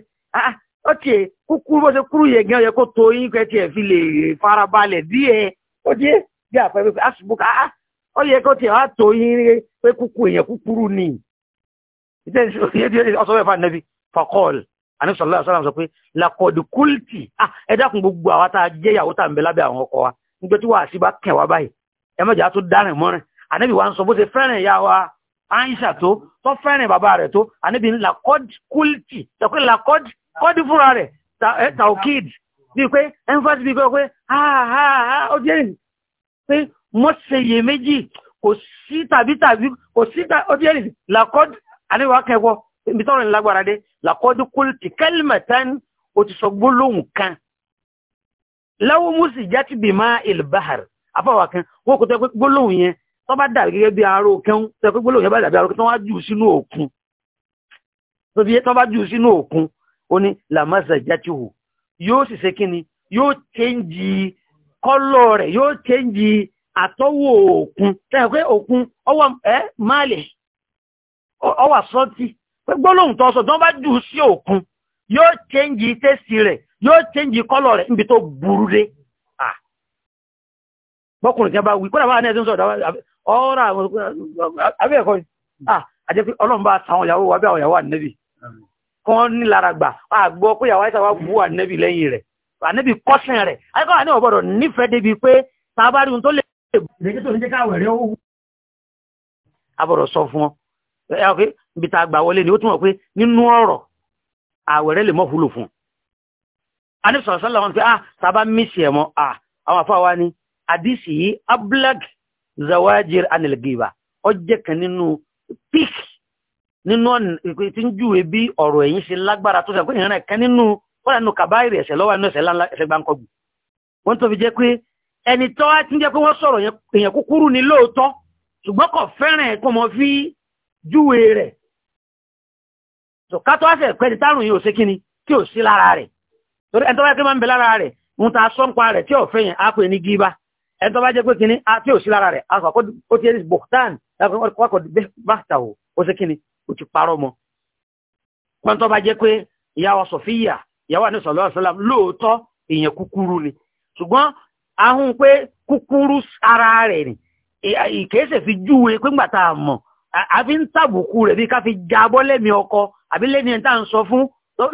[SPEAKER 3] ó tiẹ̀ kúkúrú bó ṣe kúrú yẹ gan yẹ kó tó yín kẹ́ tiẹ̀ fi lè farabalẹ̀ díẹ̀ ó tiẹ̀ bí àpẹẹrẹ pé àṣùbùkà á ah, ah, ó yẹ kó tiẹ̀ wá tó yín pé kúkú èèyàn kúkúrú ni ọsọ bẹ́ẹ̀ fà nẹ́bí fakọ́l anisọ̀lá àṣàlám sọ pé làkọ̀dù kúlìtì ah, ẹ dákun gbogbo àwa tá a jẹ́ ìyàwó tá à ń bẹ lábẹ́ àwọn ọkọ wa nígbà tí wàá sí bá kẹ̀ wá báyìí ẹ mọ̀jà tó dárìn mọ́rin ànẹ́bí wa ń sọ bó ṣe fẹ́ràn ìyá wa Aisha tó tó fẹ́ràn bàbá rẹ̀ tó ànẹ́bí làkọ́d kúlìtì sọ pé làkọ́d kọ́dí fúnra rẹ̀ taokid bí pé emphasis bí pé ha ha ha ó jẹ́ ìní pé mọ́sẹ̀yẹ méjì kò sí tàbí tàbí kò sí ó jẹ́ ìní làkọ́dí àníwá kẹwọ́ ibi tọ́rọ̀ ní lágbára dé làkọ́dí kúlìtì kẹ́lìmẹ̀tán ó ti sọ gbólóhùn kan láwọn mùsì já ti bì máa ìlbáhàr afọwà kan wọ́n kò tẹ́ pé gbólóhùn yẹn tó bá dàbí gẹ́gẹ́ bí aró kẹ́hún tẹ́ pé gbólóhùn yẹn bá dàbí aró kẹ́hún tó wá jù sínú òkun ó ní làmásà játìhù yóò sì ṣe kíni yóò chẹ́ǹjì kọ́lọ̀ rẹ̀ yóò chẹ́ǹjì àtọ́wò òkun tẹ́yìn òkun ọwọ́ ẹ́ máàlẹ̀ ọwà sọ́tì pé gbólóhùn tó sọ tó bá jù sí òkun yóò chẹ́ǹjì tẹ́sì rẹ̀ yóò chẹ́ǹjì kọ́lọ̀ rẹ̀ níbi tó burú dé bọ́kùnrin kan bá wí kódà bá ní ọ̀rọ̀ àwọn ọlọ́run bá ìyàwó bí àwọn kan ní lára gbà àgbọ́ pé àwọn àìsàn wa bú ànẹ́bì lẹ́yìn rẹ̀ ànẹ́bì kọ́sìn rẹ̀ àìkọ́ àní ọ̀gbọ́dọ̀ nífẹ̀ẹ́ débi pé sábàárì tó lè lèkí tó jẹ́ káwẹ̀ rẹ̀ abọ̀rọ̀ sọ fún ẹ ọ ibi tá ni ó túmọ̀ pé nínú ọ̀rọ̀ àwẹ̀ rẹ̀ ah sábà mísì ah àwọn afọ ablag zawajir anilgiba ó jẹ́ kan nínú nínú ìpè tí ń júwe bí ọ̀rọ̀ ẹ̀yìn ṣe lágbára tó sẹ́kọ́ ìrìnà ẹ̀kẹ́ nínú wọ́n nínú kàbáìrì ẹ̀ṣẹ̀ lọ́wọ́ nínú ẹ̀ṣẹ̀ ńlá ẹ̀ṣẹ̀ gbáǹkọ́gbù wọ́n tó fi jẹ́ pé ẹni tó wá ti ń jẹ́ pé wọ́n sọ̀rọ̀ èèyàn kúkúrú ni lóòótọ́ ṣùgbọ́n kò fẹ́ràn ẹ̀ kó mọ fi júwe rẹ̀ tó ká tó wáṣẹ̀ pẹ́ ti tárùn yìí ò ṣe kíni tí ò sí lára rẹ̀ torí ẹni tó bá jẹ́ pé máa ń bẹ lára rẹ̀ ń ta sọ́ǹpa rẹ̀ tí ò fẹ́ yẹn á pè ní gíba ẹni tó bá jẹ́ pé kíni tí ò sí lára rẹ̀ á ó ti ẹ́ bọ̀tán lákòókò bá tà ó ṣe kíni o ti parọ́ mọ́ bá jẹ́ pé ìyàwó sọ̀fíyà ìyàwó àní sọ̀lọ́ lóòótọ́ èèyàn ni ṣùgbọ́n ahun pé kúkúrú ara rẹ̀ ni ìkẹ́sẹ̀ fi júwe a mọ̀ àfi ń tàbùkù rẹ̀ bí ká fi jábọ́ mi ọkọ àbí lẹ́mi ẹ̀ta ń sọ fún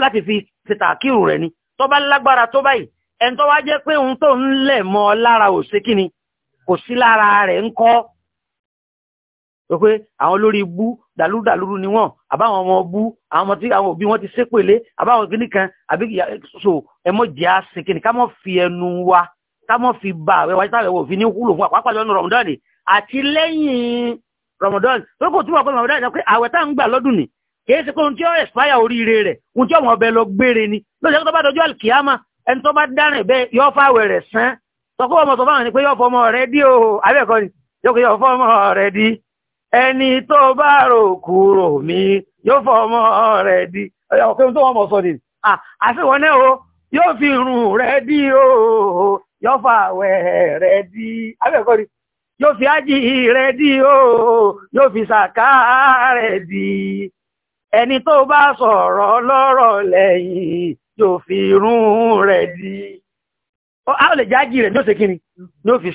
[SPEAKER 3] láti fi ṣètàkìrù rẹ̀ ni tó bá lágbára tó báyìí wá jẹ́ pé òun tó ń lẹ̀ mọ́ lára kò pé àwọn lórí bú dàlúdàlúrú ni wọ́n àbáwọn ọmọ bú àwọn ọmọ tí àwọn òbí wọn ti ṣépèlé àbáwọn kìíní kan àbí so ẹmọ jẹ́ àsìn kìíní ká mọ́ fi ẹnu wa ká mọ́ fi bá àwẹ̀ wájú táwọn òfin ní wúlò fún àpapọ̀ lọ́nà rọ̀mọdọ́ọ̀nì àti lẹ́yìn rọ̀mọdọ́ọ̀nì tó kò túbọ̀ pé rọ̀mọdọ́ọ̀nì sọ pé àwẹ̀ tá ń gbà lọ́dún ni kìí ṣe pé ohun tí ó expire oríire rẹ̀ ohun tí ọmọ ọbẹ̀ lọ gbére ni lóṣèlú tó bá dọjọ́ àlùkìyàmá ẹni tó bá dárìn bẹ́ẹ̀ yọ fáwẹ̀ rẹ̀ sán tọkọ́ o abẹ́ẹ̀kọ́ ni ẹni tó bá rò kúrò mí yóò fọmọ rẹ̀ di ọ̀kẹ́ tó wọ́n mọ̀ sọ ni àṣìwọ̀n náà o yóò fi rùn rẹ̀ di o yóò fa àwẹ̀ rẹ̀ di abẹ́ẹ̀kọ́ ni yóò fi ájì rẹ̀ di o yóò fi sàká rẹ̀ di ẹni tó bá yóò fi di. a ní fi ló fi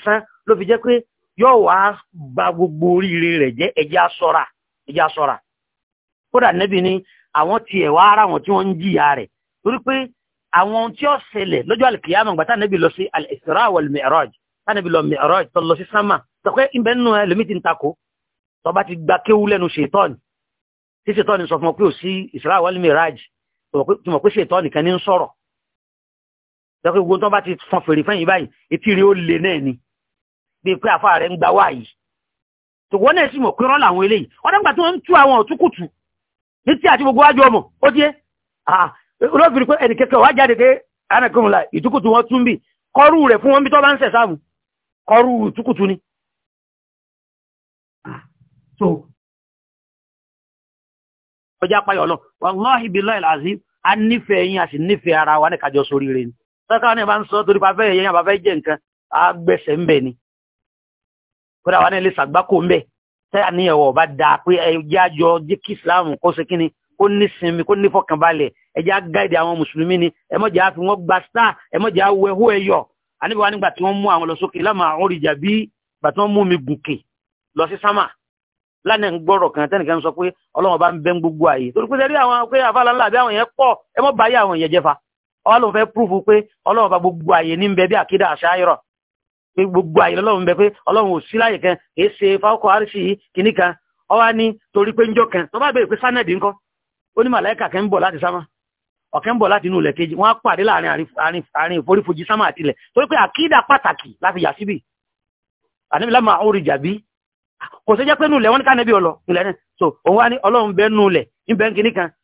[SPEAKER 3] pé yóò wá ba gbogbo oríire rẹ̀ jẹ́ ẹjẹ́ aṣọ́ra ẹjẹ́ aṣọ́ra kódà níbi ni àwọn tiẹ̀ wá ara wọn tí wọ́n ń jìyà rẹ̀ torí pé àwọn tí ó ṣẹlẹ̀ lọ́jọ́ alìkìyàmọ̀ gbà tánàbí lọ sí al-Isra wal-Mi'raj tánàbí lọ Mi'raj tó lọ sí sánmà tọ́kọ́ ìbẹ̀ nínú ẹlòmí ti ń takò tó bá ti gba kéwú lẹ́nu ṣètọ́ni tí ṣètọ́ni sọ fún ọ pé ò sí Isra wal-Mi'raj tí mọ̀ pé ṣètọ́ni kan ní ń sọ̀rọ̀ tọ́kọ́ gbogbo tó bá ti fọn fèrè fẹ́yìn báyìí etí rí ó le náà ni bíi pé àfa rẹ̀ ń gba wáyìí na náà sì mọ̀ pé rán làwọn eléyìí ọ̀dọ́gba tó ń tú àwọn òtúkùtù ní tí àti gbogbo wájú ọmọ ó tiẹ́ olóòfin pé ẹnì kẹkẹ wá jáde pé ìtúkùtù wọn tún bì kọrú rẹ̀ fún wọn bí tó bá ń sẹ̀ sáàmù kọrú ìtúkùtù ni. ọjà lọ a nífẹ̀ẹ́ yín a sì ara wa ní kájọ kódà wà nílé sàgbákò ń bẹ̀ tẹ́ àníyànwó ọba da pé ẹjẹ́ àjọ jẹ́ kí islam kó ṣe kí ni kó ní sinmi kó ní fọkànbalẹ̀ ẹjẹ́ àgáìdì àwọn mùsùlùmí ni ẹmọ́jà fi wọ́n gba star ẹmọ́jà wọ ẹhó ẹyọ àníbẹ̀ wà nígbà tí wọ́n mú àwọn lọ sókè lámà àwọn òrìjà bí gbà tí wọ́n mú mi gùnkè lọ sí sámà lánàá ń gbọ́rọ̀ kan tẹ́nìkan sọ pé ọlọ́run bá ń bẹ́ gbogbo ààyè torí pé sẹ́rí àwọn pé àfàlà ńlá àbí àwọn yẹn pọ̀ ẹ mọ́ báyé àwọn yẹn jẹ́fà ọlọ́run fẹ́ púrúfù pé ọlọ́run bá gbogbo ààyè ní ń bẹ bí àkídà àṣà ayọ̀rọ̀ gbogbo àyè lọ́lọ́run bẹ pé ọlọ́run ò sí láyè kan kì í ṣe fáwọ́kọ̀ àríṣì yìí kìíní kan ó wá ní torí pé njọ́ kan tó bá bèèrè pé sánẹ́ẹ̀dì ńkọ́ ó ní màláìkà kan ń bọ̀ láti sámá ọ̀kan ń bọ̀ láti inú ilẹ̀ kejì wọ́n á pàdé láàrin àárín ìforífojì sámá àti ilẹ̀ torí pé àkídà pàtàkì láti yà síbì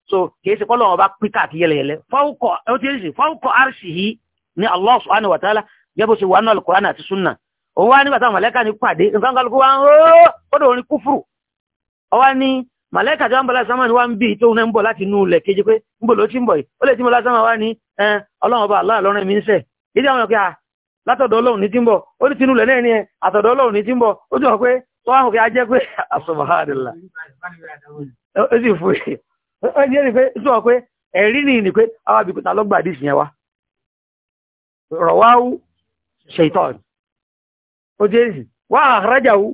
[SPEAKER 3] so ní ọba gẹ́gẹ́ bó ṣe wà náà Al-Kùránì àti súnà òun wá nígbà táwọn màlẹ́kà ní pàdé nǹkan kan wá ń hóó kódò orin kúfùrù ọwá ní màlẹ́kà tí wọ́n ń bọ̀ láti ń tó ń bọ̀ láti inú ilẹ̀ kejì pé ń ló ti ń bọ̀ ó lè ti mọ̀ láti sámánì wá ní ọlọ́run ọba aláà lọ́rùn mi ń sẹ̀ ìdí àwọn ọ̀kẹ́ látọ̀dọ̀ ọlọ́run ní ti ń bọ̀ ó tinú ilẹ̀ náà ní àtọ̀dọ̀ ọlọ́run ní ṣèitọ́n ó dé sí wà àrájáwú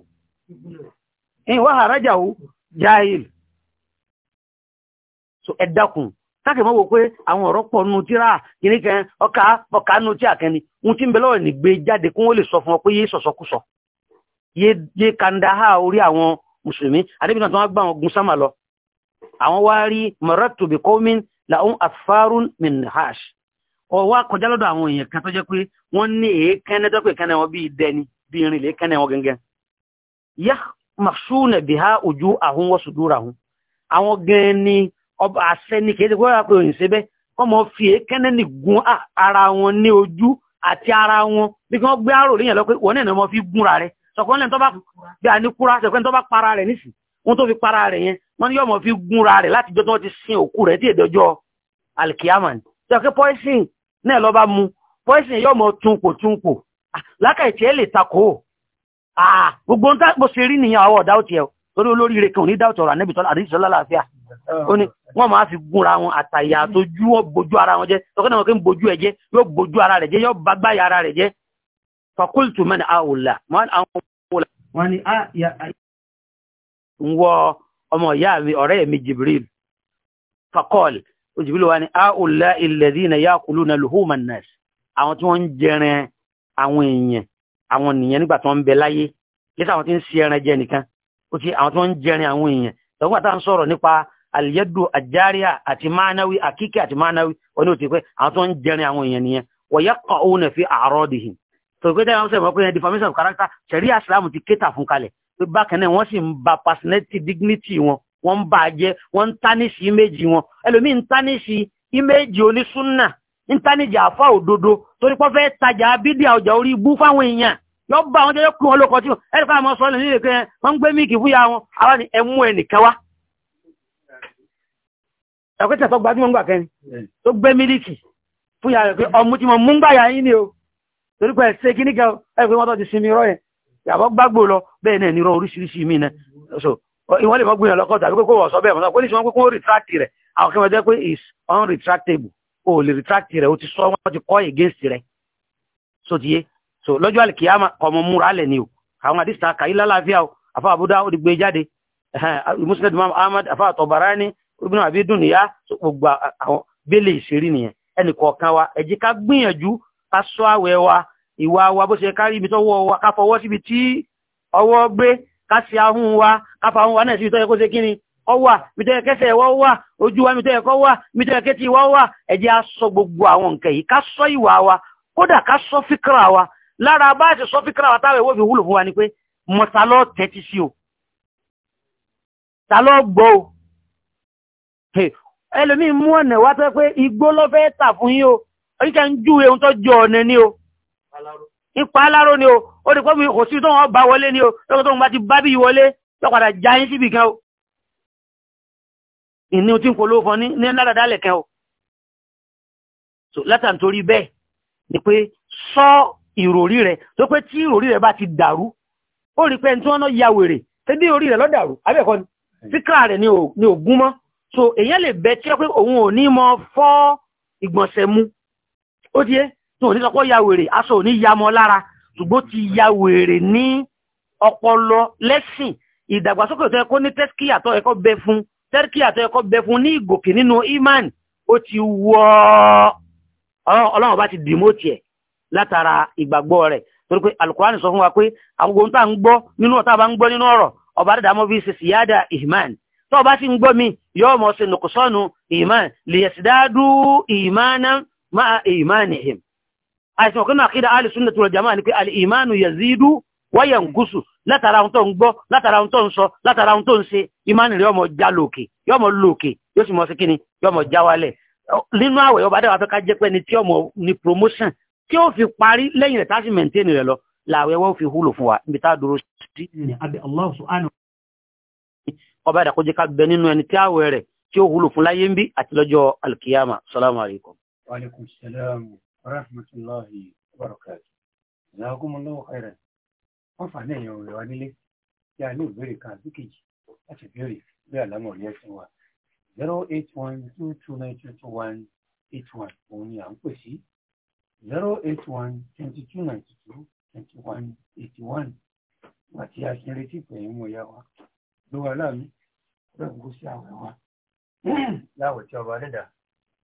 [SPEAKER 3] in wà àrájáwú jahil so ẹ̀dàkùn táàkì mọ́ wò pé àwọn ọ̀rọ̀ pọ̀ nù tíra kìíní kan ọkà ọkà nù tí àkẹni ohun tí ń bẹ ní gbé jáde kún ó lè sọ fún ọ pé yé sọ̀sọ̀kúsọ yé kandahá orí àwọn mùsùlùmí adébìnà tó wọ́n gbà wọn gun sámà lọ àwọn wá rí maratu bi qawmin lahum afárún min ọwọ́ akọjá lọ́dọ̀ àwọn èèyàn kan tó jẹ́ pé wọ́n ní èékánná tó pé kánná wọn bíi dẹni bíi irin lè kánná wọn gẹ́gẹ́ yá màṣúnà bí há ojú àhún wọ́n sùdúrà hùn àwọn gan ni àṣẹ ni kìí ṣe pé wọ́n pè òyìn ṣe bẹ́ẹ̀ wọ́n mọ̀ fi èékánná ní gun ara wọn ní ojú àti ara wọn bí wọ́n gbé àrò léyìn lọ pé wọ́n náà mọ̀ fi gúnra rẹ̀ sọ̀kọ́ lẹ́nu tó bá gbé àníkúra sọ̀kọ́ tó bá para rẹ̀ nísì wọ́n tó fi para rẹ̀ yẹn wọ́n náà lọ bá mu poison yóò mọ túnpò túnpò ah, lákà ìtì ẹ lè takò ó ah, gbogbo ń tá bó ṣe rí nìyẹn àwọn ọ̀dá òtí ẹ torí olórí rẹ kan ò ní dá òtọ̀rọ̀ ànẹ́bì tọ́lá àdéhìí sọlá láàfíà ah. ó ní wọ́n máa fi gúnra wọn àtàyà tó jú ó bojú ara wọn jẹ́ tọkọ́nà wọn kí ń bojú ẹ jẹ́ yóò bojú ara rẹ̀ jẹ́ yóò bá gbáyà ara rẹ̀ jẹ́ fakultu mẹ́ni àwòlà wọ́n ni a ń wọ ọmọ ìyá mi ọ̀rẹ́ mi Jibril fakọ́ọ̀lì òjìbìlò wa ni àùlá illadhina ya'kuluna luhuma an-nas àwọn tí wọ́n ń jẹran àwọn èèyàn àwọn nìyẹn nígbà tí wọ́n ń bẹ láyé yẹ́sà àwọn tí ń si ẹran jẹ nìkan ó ti àwọn tí wọ́n ń jẹrin àwọn èèyàn lọ́gbà tá à ń sọ̀rọ̀ nípa àlìyẹ́dù àjáríà àti mánáwí àkíkẹ́ àti mánáwí wọn ni ó ti pẹ́ àwọn tí wọ́n ń jẹrin àwọn èèyàn nìyẹn wọ̀yẹ́ kan òun nà fi àárọ̀ dìhì tòkè tẹ́lẹ̀ wọn sọ̀rọ̀ pé defamation of character sẹ̀rí àsìlámù ti kéta fún kalẹ̀ pé bákan náà wọ́n sì ń ba personality dignity wọn wọ́n ń bà á jẹ́ wọ́n ń tánìṣì ìméjì wọn ẹlòmíì ń tánìṣì ìméjì onísúnà ń tánìjì àfa òdodo torí pọ́ fẹ́ tajà bídíà ọjà orí ibú fáwọn èèyàn yọ bá àwọn jẹ́jọ́ kú wọn lóko tí wọn ẹ̀rí fáwọn ọmọ sọ́ọ́lẹ̀ nílé kan wọ́n gbé míìkì fúyà wọn àwa ni ẹ̀mú ẹnìkan wá. ẹ̀kọ́tà tó gbajúmọ̀ ńgbà kẹrin tó gbé mílíkì fúyà rẹ̀ pé ọmú tí mo mú gbà yà yín ni o torí pé wọ́n lè mọ́ gbìyànjú lọ́kọ̀ tàbí kókó wọ̀ sọ bẹ́ẹ̀ mọ́tò pólíṣì wọn pé kó retract rẹ̀ àwọn kí wọ́n jẹ́ pé is unretractable o lè retract rẹ̀ o ti sọ wọ́n ti kọ́ against rẹ̀ so ti so lọ́jọ́ àlìkìyàmà ọmọ múra lẹ̀ ni o àwọn àdìsítà kàyí lálàáfíà o àfa àbúdá ó gbé jáde muslim gbogbo àwọn bẹ́lẹ̀ ìṣeré nìyẹn ẹnì kọ̀ọ̀kan wa ẹ ká gbìyànjú ká sọ wa ìwà wa bó ṣe kárí ibi wa ká fọwọ́ síbi ká sí ahun wa ká fa ahun wa náà sí ìtọ́jẹ́ kó ṣe kíni ọwà mítọ́ kẹsẹ̀ ẹ̀wọ́ wà ojú wa mítọ́ ẹ̀kọ́ wà mítọ́ ẹ̀kẹ́ ti wá wà ẹ jẹ́ á sọ gbogbo àwọn nǹkan yìí ká sọ ìwà wa kódà ká sọ fíkra wa lára bá ti sọ fíkra wa táwọn ìwọ́fi wúlò fún wa ni pé mọ̀tálọ́ tẹ́tí sí o tálọ́ gbọ́ o ẹlòmí mú ọ̀nà wá tẹ́ pé igbó lọ́fẹ́ tà fún yín o oríkẹ́ ń júwe ohun tó jọ ọ̀nà ni o ipa aláró ni o ó ní pọ́bí kò sí tóun bá wọlé ni o lọ́kọ̀ tóun bá ti bá bí wọlé lọ́padà já yín síbì kan o ìní tí ń polówó fún ní ládàdá lẹ̀kẹ́ o látàntorí bẹ́ẹ̀ ni pé sọ ìròrí rẹ̀ tó pé tí ìròrí rẹ̀ bá ti dàrú ó rí pé ẹni tí wọ́n ya wèrè ṣé bí orí rẹ̀ ló dàrú abẹ́ẹ̀kọ́ ni síkà hmm. rẹ̀ ni ò gún mọ́ so èèyàn lè bẹ tí ó pé òun ò ní mọ fọ́ ìgbọ̀nsẹ̀ mu ó di tó ní sọpọ́ ya wèrè aṣọ òní ya mọ́ lára ṣùgbọ́n ti ya wèrè ní ọpọlọ lẹ́sìn ìdàgbàsókè tó ẹkọ́ ní tẹ́kíyà tó ẹkọ́ bẹ fún tẹ́kíyà tó ẹkọ́ bẹ fún ní ìgòkè nínú imán ó ti wọ́ ọlọ́run bá ti dìmọ́ tiẹ̀ látara ìgbàgbọ́ rẹ̀ torí pé alukurani sọ fún wa pé àgbogbo tá à ń gbọ́ nínú ọ̀tá ọ̀rọ̀ ọba dídàmọ́ fi ṣe síyáda ìmán tó ọba sì ń gbọ́ mi yóò mọ̀ ṣe nùkùsọ́nù ìmán lèyẹ̀sídádú ìmánà máa ìmánìhìm àìsàn kan náà kídà alì súnnà tó jàmá ní pé alìmánu yazidu wáyàn gúúsù látara ohun tó ń gbọ́ látara ohun tó ń sọ látara ohun tó ń ṣe ìmánì rẹ̀ ọmọ já lòkè yọmọ lòkè yóò sì mọ sí kíni yọmọ já wálẹ̀ nínú àwẹ̀ ọba dáwà fẹ́ ká jẹ́ pé ni tí ọmọ ni promotion tí ó fi parí lẹ́yìn rẹ̀ tá sì maintain rẹ̀ lọ làwẹ̀ wọ́n fi húlò fún wa níbi tá a dúró sí. ọba ìdàkó jẹ́ ká bẹ nínú ẹni tí àwẹ̀ rẹ̀ tí ó húlò fún láyé ń bí àti
[SPEAKER 1] ورحمة الله وبركاته جزاكم الله خيرا wọ́n fà ní èèyàn rẹ̀ wá nílé tí a ní ìbéèrè kan àbí kejì láti béèrè bí a! rí ẹ̀sìn wa zero eight one ya wa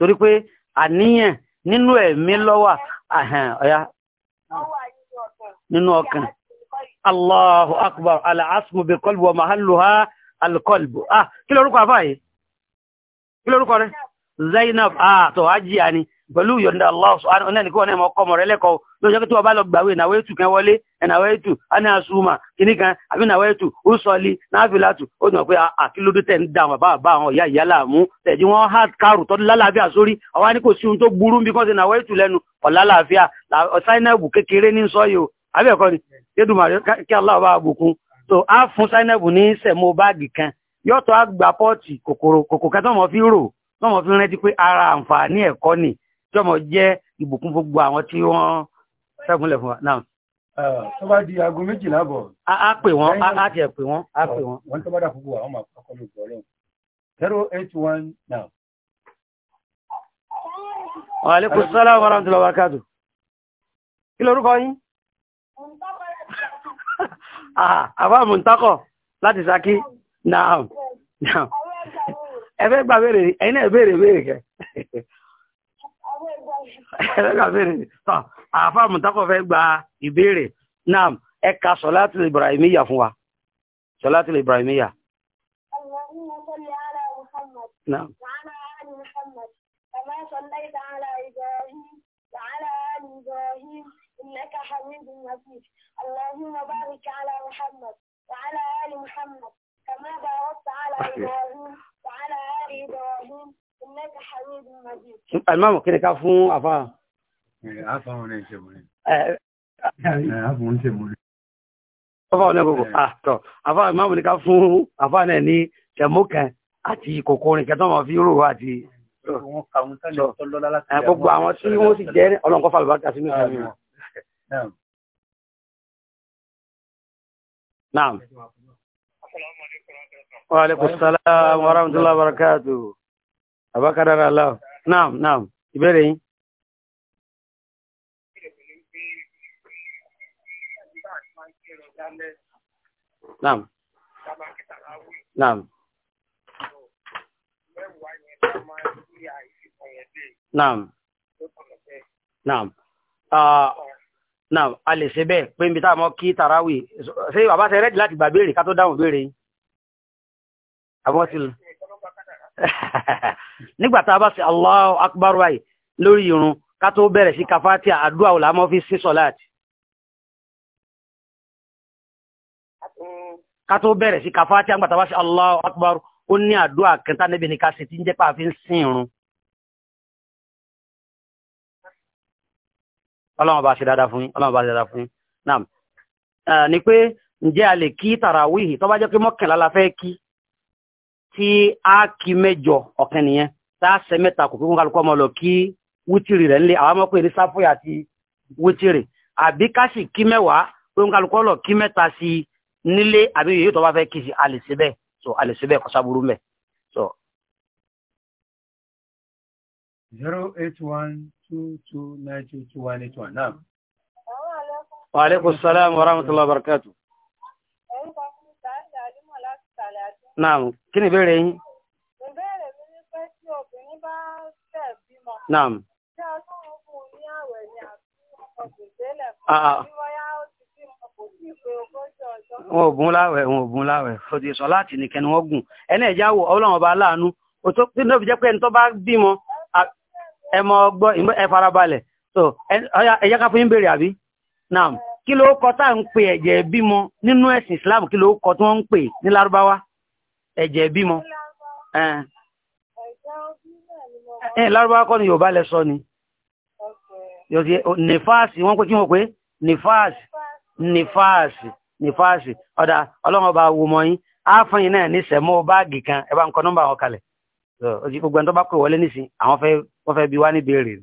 [SPEAKER 3] torí pé àníyàn nínú ẹ̀mí lọ́wà ọ̀yá nínú ọkàn Allahu akbar al'asmu bi qalbi wa mahalluha ha qalbu ah kí lórúkọ àfáà yìí kí lórúkọ rị Zainab ah tó a ni pẹ̀lú ìyọ̀ǹda Allah subhanahu ọ̀nà ní kí wọ́n náà mọ̀ ọkọ̀ mọ̀ rẹ lẹ́kọ̀ọ́ lóòjọ́ kí tí wọ́n bá lọ gbàwé ìnáwó ètù kan wọlé ìnáwó ètù àní àsùnmà kìíní kan àbí ìnáwó ètù ó sọlí náàfìlàtù ó dùn pé àkílódé tẹ̀ ń da àwọn bàbá bá àwọn ìyá ìyá làmú tẹ̀jú wọn há kárù tọ́ lálàáfíà sórí àwa ní kò sí ohun tó burú bí kọ́ sí ìnáwó ètù lẹ́nu ọ̀lálàáfíà Zainab kékeré ní sọ yìí o àbí ẹ̀kọ́ ni kédùmarè kí Allah bá bùkún so á fún Zainab ní sẹ̀mó báàgì kan yọ̀tọ̀ àgbà pọ́ọ̀tì kòkòrò kòkòrò kan tó mọ̀ fi rò tó mọ̀ fi rántí pé ara àǹfààní ẹ̀kọ́ ni tọmọ jẹ́ ìbùkún gbogbo àwọn tí wọ́n ṣẹ́gunlẹ̀ fún wa náà.
[SPEAKER 1] Ah, tó bá di aago méjìlá bọ̀. a pè wọ́n a tiẹ̀ pè wọ́n a pè oh, wọ́n. wọ́n tó bá dà fún wa máa kọ́kọ́ ló gbọ́ lọ́wọ́. zero eight one now.
[SPEAKER 3] wa alaikum salaam wa rahmatullahi wa barakatuh. kí lorúkọ yín. Ah, àbá mùntakọ̀ láti Ṣakí náà. ẹ fẹ́ gbà béèrè ẹ̀yin náà béèrè béèrè kẹ́ ẹ̀rẹ́gà béèrè tọ́ àáfà mùtákọ̀ fẹ́ gba ìbéèrè náà ẹ ka sọ̀láàtì ibrahimiya fún wa sọ̀láàtì ibrahimiya. نعم وعلى آل محمد كما صليت على إبراهيم وعلى آل إبراهيم إنك حميد مجيد اللهم بارك على محمد وعلى آل محمد كما
[SPEAKER 1] باركت على إبراهيم وعلى آل إبراهيم
[SPEAKER 2] Àìmáàmù kí ni ká fún àfá?
[SPEAKER 1] Àfá wọn ní ṣe mú ní.
[SPEAKER 2] Àfá wọn ní ṣe mú ní. Àfá wọn ní gbogbo. Àtọ̀, àfá àìmáàmù ní ká fún àfá náà
[SPEAKER 3] ní ṣẹ̀mú kan àti kòkòrò nìkan tó máa fi rò àti.
[SPEAKER 1] Gbogbo àwọn tí wọ́n sì jẹ́ ọlọ́nkọ́
[SPEAKER 3] fàlùbákà sínú ìsàmì wọn.
[SPEAKER 1] Naam. Wa alaikumussalam wa rahmatullahi wa barakatuh
[SPEAKER 2] àbákádàrà aláwọ̀ náà náà ìbéèrè yín. Naam. Naam.
[SPEAKER 3] Naam. Naam. Ah naam a lè ṣe bẹ́ẹ̀ pé níbi táàmọ́ kí tàràwì ṣe bàbá ṣe rẹ́dì láti gbà béèrè ká tó dáhùn béèrè yìí. Àbọ̀tìlù. nígbà a bá ṣe Allahu akbar wáyé lórí irun ká tó bẹ̀rẹ̀ sí kafatia àdúrà òlà mọ́ fi sí sọ́láàtì ká tó bẹ̀rẹ̀ sí kafatia a bá ṣe Allahu akbar ó ní àdúrà kẹta níbi ní ká tí ń jẹ́ pàfin sin irun dáadáa fún yín naam ni pé ǹjẹ́ a lè kí tàràwíhì tó jẹ́ pé mọ́kànlá la fẹ́ tí a kí mẹ́jọ ọ̀kan nìyẹn tá a sẹ mẹ́ta kò fún kálukú ọmọ lọ kí wítìrì rẹ̀ ńlẹ̀ àwọn ọmọkùnrin ní sáfù àti wítìrì àbí ká sì kí mẹ́wàá pé ń kálukú lọ kí mẹ́ta sí nílé àbí yìí tó bá fẹ́ kí sí a lè ṣe so a lè ṣe bẹ́ẹ̀ kò sábúrú mẹ́
[SPEAKER 1] zero eight one two two nine two two one eight one naam.
[SPEAKER 3] wa aleykum salaam rahmatulah
[SPEAKER 2] wa náà kí ni ìbéèrè yín.
[SPEAKER 1] ìbéèrè mi ni pé tí obìnrin bá ṣẹ̀ bímọ. náà. ṣé ọlọ́run fún un ní àwẹ̀ ni àti ọkọ̀ gbèsèlẹ̀ fún ah, ah. wọn ò
[SPEAKER 3] bùn láwẹ̀ wọn ò bùn láwẹ̀ ó ti sọ láti wọ́n gùn ẹni ẹ̀já ọlọ́run ọba aláàánú òtó tí ní òfìjẹ́ pé ẹni tó bá bímọ ẹ ọgbọ́ ẹ so ẹ̀yà ká fún yín àbí náà kí ló kọ tá à ń pè ẹ̀jẹ̀ bímọ nínú ẹ̀sìn Islam kí ló kọ tí wọ́n ń pè ní lárúbáwá ẹ̀jẹ̀ bímọ ẹ̀ lárúbáwá kọ́ ni yorùbá lẹ sọ ni nífàásì wọ́n pé kí wọ́n pé nífàásì nífàásì nífàásì ọ̀dà ọlọ́run ọba wo mọ́ yín áfún yìí náà ní sẹ̀mọ́ báàgì kan ẹ bá ń kọ nọ́mbà wọn kalẹ̀ ojú gbogbo ẹni tó bá kó ìwọlé nísìn àwọn wọ́n fẹ́ bi wá ní béèrè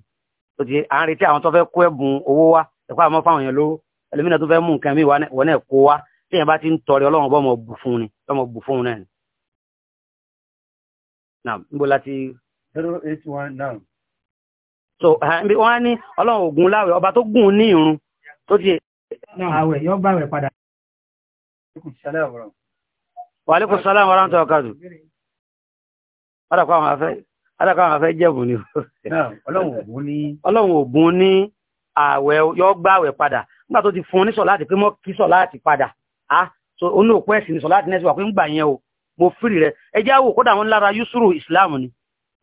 [SPEAKER 3] o ti à ń retí àwọn tó fẹ́ kó ẹ̀bùn owó wá ẹ̀kọ́ àmọ́ fáwọn èèyàn lówó ẹlòmínà tó fẹ́ mú nǹkan mi náà níbo láti.
[SPEAKER 1] zero eight one now.
[SPEAKER 3] so wọ́n á ní ọlọ́run ògùn láwẹ̀ ọba tó gùn ní irun tó ti. náà àwẹ̀ yóò bá àwẹ̀ padà. wàlẹ́kùn sálàmù ọ̀rọ̀ tó ọ̀kadù. adàkọ̀ àwọn afẹ́ adàkọ̀ àwọn afẹ́ jẹ̀bù ni. ọlọ́run ògùn ní àwẹ̀ yóò gbà àwẹ̀ padà nígbà tó ti fún un ní sọ̀ láti pé mọ́ kí sọ̀ láti padà. ah so onú òpó ẹ̀sìn ní sọ̀ láti nẹ́sìwà pé ń gbà yẹn o. mo fìrì rẹ ẹjẹ́ àwò kódà wọn lára yusuru islam ni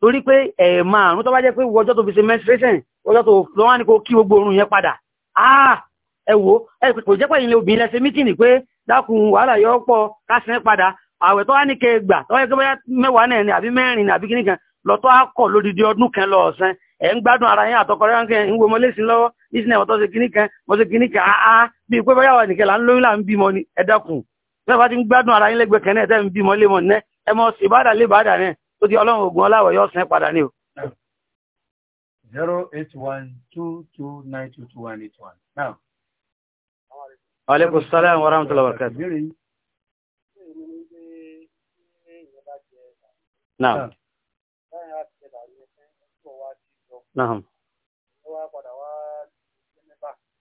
[SPEAKER 3] torí pé ẹ̀ márùn tó bá jẹ́ pé ọjọ́ tó fi ṣe menstruation ọjọ́ tó lọ́wọ́ ní kó kí gbogbo orun yẹn padà ah! ẹ wò ẹ kò jẹ́ pẹ̀yìn lè obìnrin lẹ́sẹ̀ mítìnì pé dákun wàhálà yọ pọ̀ kásìn padà àwẹ̀ tó wá ní kẹ gbà tó wáyé kébẹ́yà mẹ́wàá náà ni àbí mẹ́rin ni àbí lódìdí ọdún kan lọ ọ̀sán ẹ̀ ń gbádùn ara yín àtọkọrẹ́ ránkẹ́ ń wo lọ́wọ́ tó ṣe ṣe áá ah, ah, pé nìkẹ́ là bẹ́ẹ̀ bá ti ń gbádùn ara yín lẹ́gbẹ̀ẹ́ kẹ́nẹ́ tẹ́ ń bímọ lémọ̀ ní ẹ mọ sí ìbádà lé ìbádà ní tó di ọlọ́run ògùn ọláwọ̀ yóò sẹ́ padà ní o.
[SPEAKER 1] zero eight one two two nine two two one eight one now. aleykum salaam wa rahmatulah
[SPEAKER 2] wa barakatu.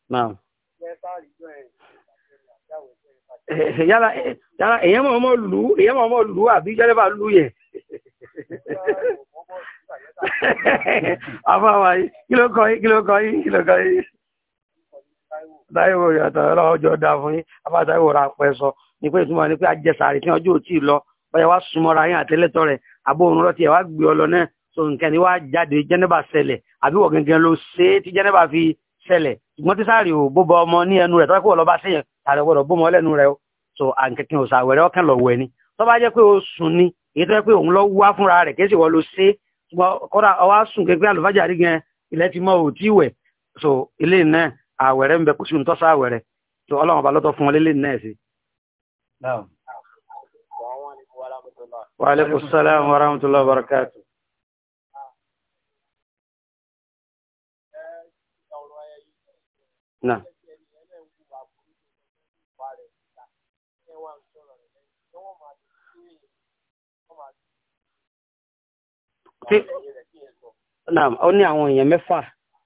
[SPEAKER 2] naam.
[SPEAKER 1] Eh, yàrá eh,
[SPEAKER 2] èyàn mọ̀ ọmọ lù ú èyàn mọ̀ ọmọ lù ú àbí jẹ́rẹ́bà lù yẹn afáwa yìí kí ló kọ yín kí ló kọ yín kí ló kọ yín táíwò yàtọ̀
[SPEAKER 3] ọlọ́jọ́ dá fún yín afá táíwò ra pẹ́ sọ ní pé ìtumọ̀ ni pé ajẹsàrè tí ọjọ́ òtí lọ ọyẹ wá súnmọ́ra yín àtẹ́lẹ́tọ̀ rẹ̀ abóhun rọ́tì ẹ̀ wá gbé ọ lọ náà so nǹkan ni wá jáde jẹ́nẹ́bà ṣẹlẹ̀ àbí wọ̀ ló ṣe é tí jẹ́nẹ́bà fi ṣẹlẹ̀ ṣùgbọ́n tí sáàrì ò bóbọ ọmọ ní ẹnu rẹ̀ tọ́kọ̀ lọ́ba sí ààrẹ gbọ́dọ̀ bómọ lẹ́nu rẹ̀ so àǹkẹ́kẹ́ ò sàwẹ̀rẹ̀ ọ̀kẹ́ lọ́wọ́ ẹni tó bá jẹ́ pé ó sùn ni èyí tó jẹ́ pé òun lọ wá fúnra rẹ̀ kí èsì wọ́n ló ṣe ṣùgbọ́n kọ́dà ọwá sùn kékeré àlùfájà rí gan ilẹ̀ ti mọ́ ò tí wẹ̀ so ilé náà àwẹ̀rẹ̀ ń bẹ kó sí ohun tó sáwẹ̀rẹ̀ so ọlọ́run ọba lọ́tọ̀ fún ọ lélẹ̀
[SPEAKER 2] wa alaikum salaam wa rahmatullahi wa barakatuh.
[SPEAKER 1] náà. tí
[SPEAKER 3] náà ó ní àwọn èèyàn mẹ́fà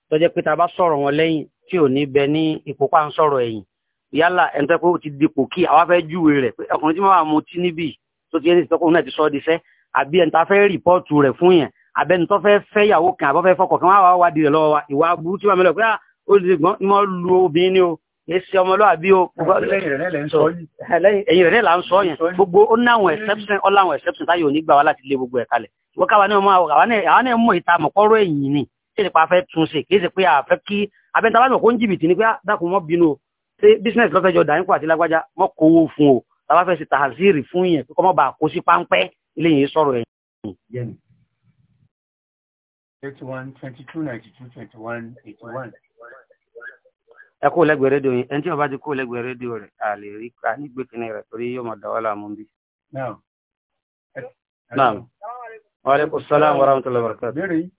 [SPEAKER 3] tó jẹ́ pé ta bá sọ̀rọ̀ wọn lẹ́yìn tí ò ní bẹ ní ipò pa ń sọ̀rọ̀ ẹ̀yìn yálà ẹni tó pé ó ti dipò kí àwa fẹ́ júwe rẹ̀ pé ọkùnrin tí wọ́n wà mutí níbí tó ti ẹni ìtọ́kùnrin náà ti sọ ọ́ di iṣẹ́ àbí ẹni tá fẹ́ rìpọ́ọ̀tù rẹ̀ fún yẹn àbẹ́ni tó fẹ́ fẹ́ yàwó kan àbọ́fẹ́ fọkọ̀ kan wá wá wá di rẹ̀ lọ́wọ́ wa ìwà aburú tí wọ́n mi pé ah ó ti gbọ́n ní wọ́n lu obìnrin ni o èsì ọmọlúwàbí o. ẹ̀yìn rẹ̀ là ń sọ yẹn gbogbo ó ní àwọn exception ó láwọn exception táyà ò ní gbà wá láti lé gbogbo ẹ̀ kalẹ̀ wọ́n káwa náà mọ àwọn náà mọ ìta mọ̀kọ́rọ̀ ẹ̀yìn ni ṣé nípa afẹ́ tún ṣe kì í ṣe pé àfẹ́ kí abẹ́ntà bá mọ̀ kó ń jìbìtì ni pé ah, dákun mọ́ bínú o ṣé business lọ́fẹ́ jọ dàníkù àti lágbájá wọ́n kówó fún o tàbá fẹ́ ṣe tàhásírì fún yẹn kó mọ́ bá kó sí páńpẹ́ ilé yìí sọ̀rọ̀
[SPEAKER 1] ẹ̀yìn. 31, 22,
[SPEAKER 2] 92, 21, 81
[SPEAKER 3] ẹ kó lẹ́gbẹ̀ẹ́ rédíò yín ẹni tí wọn bá ti
[SPEAKER 2] kó lẹ́gbẹ̀ẹ́ rédíò rẹ̀ a lè rí ká ní gbèkínní rẹ̀ torí yóò máa dà wà láàmú bí. naam wa aleykum salaam wa rahmatullahi wa barakatuh. béèrè yín.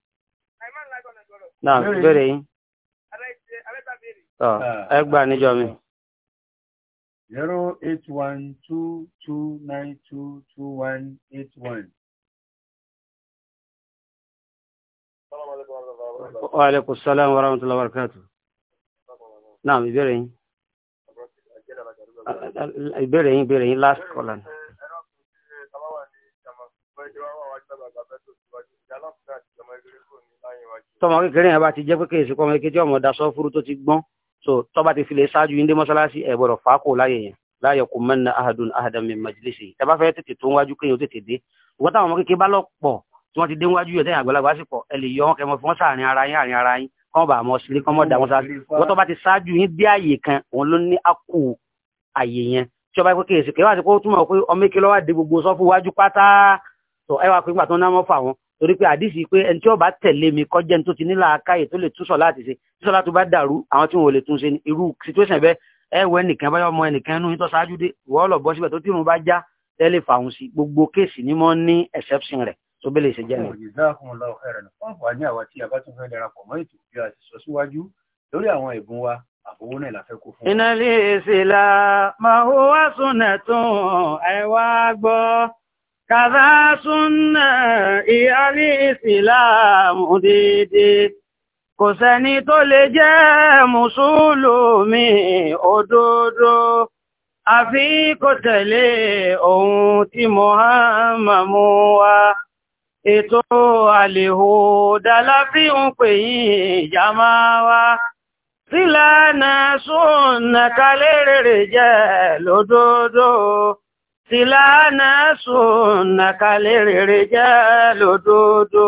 [SPEAKER 3] naam béèrè yín. Ah,
[SPEAKER 2] ẹ gbà níjọ mi.
[SPEAKER 1] zero eight one two two nine two two one eight one.
[SPEAKER 2] wa aleykum salaam wa rahmatullahi wa barakatuh náà ìbéèrè yín ìbéèrè yín ìbéèrè yín last call and.
[SPEAKER 3] tọmọ kékeré yẹn bá ti jẹ́ pé kéèsì kọ́mọ kékeré ọmọ dasọ fúru tó ti gbọ́n so tọ́ba ti file ṣáájú yín dé mọ́ṣáláṣí ẹ̀ gbọ́dọ̀ fà á kó láyè yẹn láyè kò mẹ́rin náà ahadun ahadan min majlisi ẹ bá fẹ́ tètè tó ń wájú kéèyàn ó tètè dé ìwọ́n táwọn ọmọ kékeré bá lọ pọ̀ tí wọ́n ti dé wájú yẹn tẹ́yìn àgbàlagbà sì pọ̀ ẹ lè yọ wọn kẹmọ fún wọn sáàrin ara yín àrin ara yín kọ́ bá mọ̀ sílé kọ́ mọ̀ dà wọ́n sáájú wọ́n tó bá ti ṣáájú yín dé àyè kan òun ló ní àkó àyè yẹn tí ọba pé kéèsì kéwàá ti kó túmọ̀ pé ọmọ èké lọ́wọ́ dé gbogbo sọ́fún wájú pátá tó ẹ wá pé gbà tó ń dámọ́ fà wọ́n torí pé àdìsí pé ẹni tí ọba tẹ̀lé mi kọjá ẹni tó ti nílà akáyè tó lè túnṣọ láti ṣe tíṣọ láti bá dàrú àwọn tí wọn ò lè túnṣe ní irú situation bẹ́ẹ̀ ẹ wọ ẹnìkan báyọ̀ tó bẹ́lẹ̀ ṣe jẹ́ ní.
[SPEAKER 1] jazakumullahu khairan fún àǹfààní àwa tí a bá tún fẹ́ darapọ̀ mọ́ ètò bí a ti sọ síwájú lórí àwọn ẹ̀bùn wa àfowó náà la fẹ́ kó fún. iná
[SPEAKER 3] lè
[SPEAKER 2] ṣe la máa hó wá súnà tún àìwá gbọ́ kàdá súnà ìyálé ìsìláàmù déédéé kò sẹ́ni tó lè jẹ́ mùsùlùmí òdodo àfi kó tẹ̀lé ohun tí Muhammad mú wá ètò àlèhò dàlá tí ń pè yí ìjà máa wá sílànà súnà kalérèrè jẹ́ lódodo sílànà súnà kalérèrè jẹ́ lódodo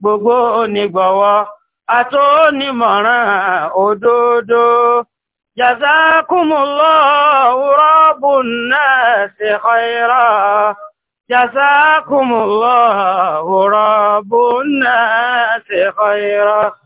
[SPEAKER 2] gbogbo onígbọ̀wọ́ àtónímọ̀ràn òdodo jazakumullahu rabbun nasi khaira جزاكم الله رب الناس
[SPEAKER 1] خيرا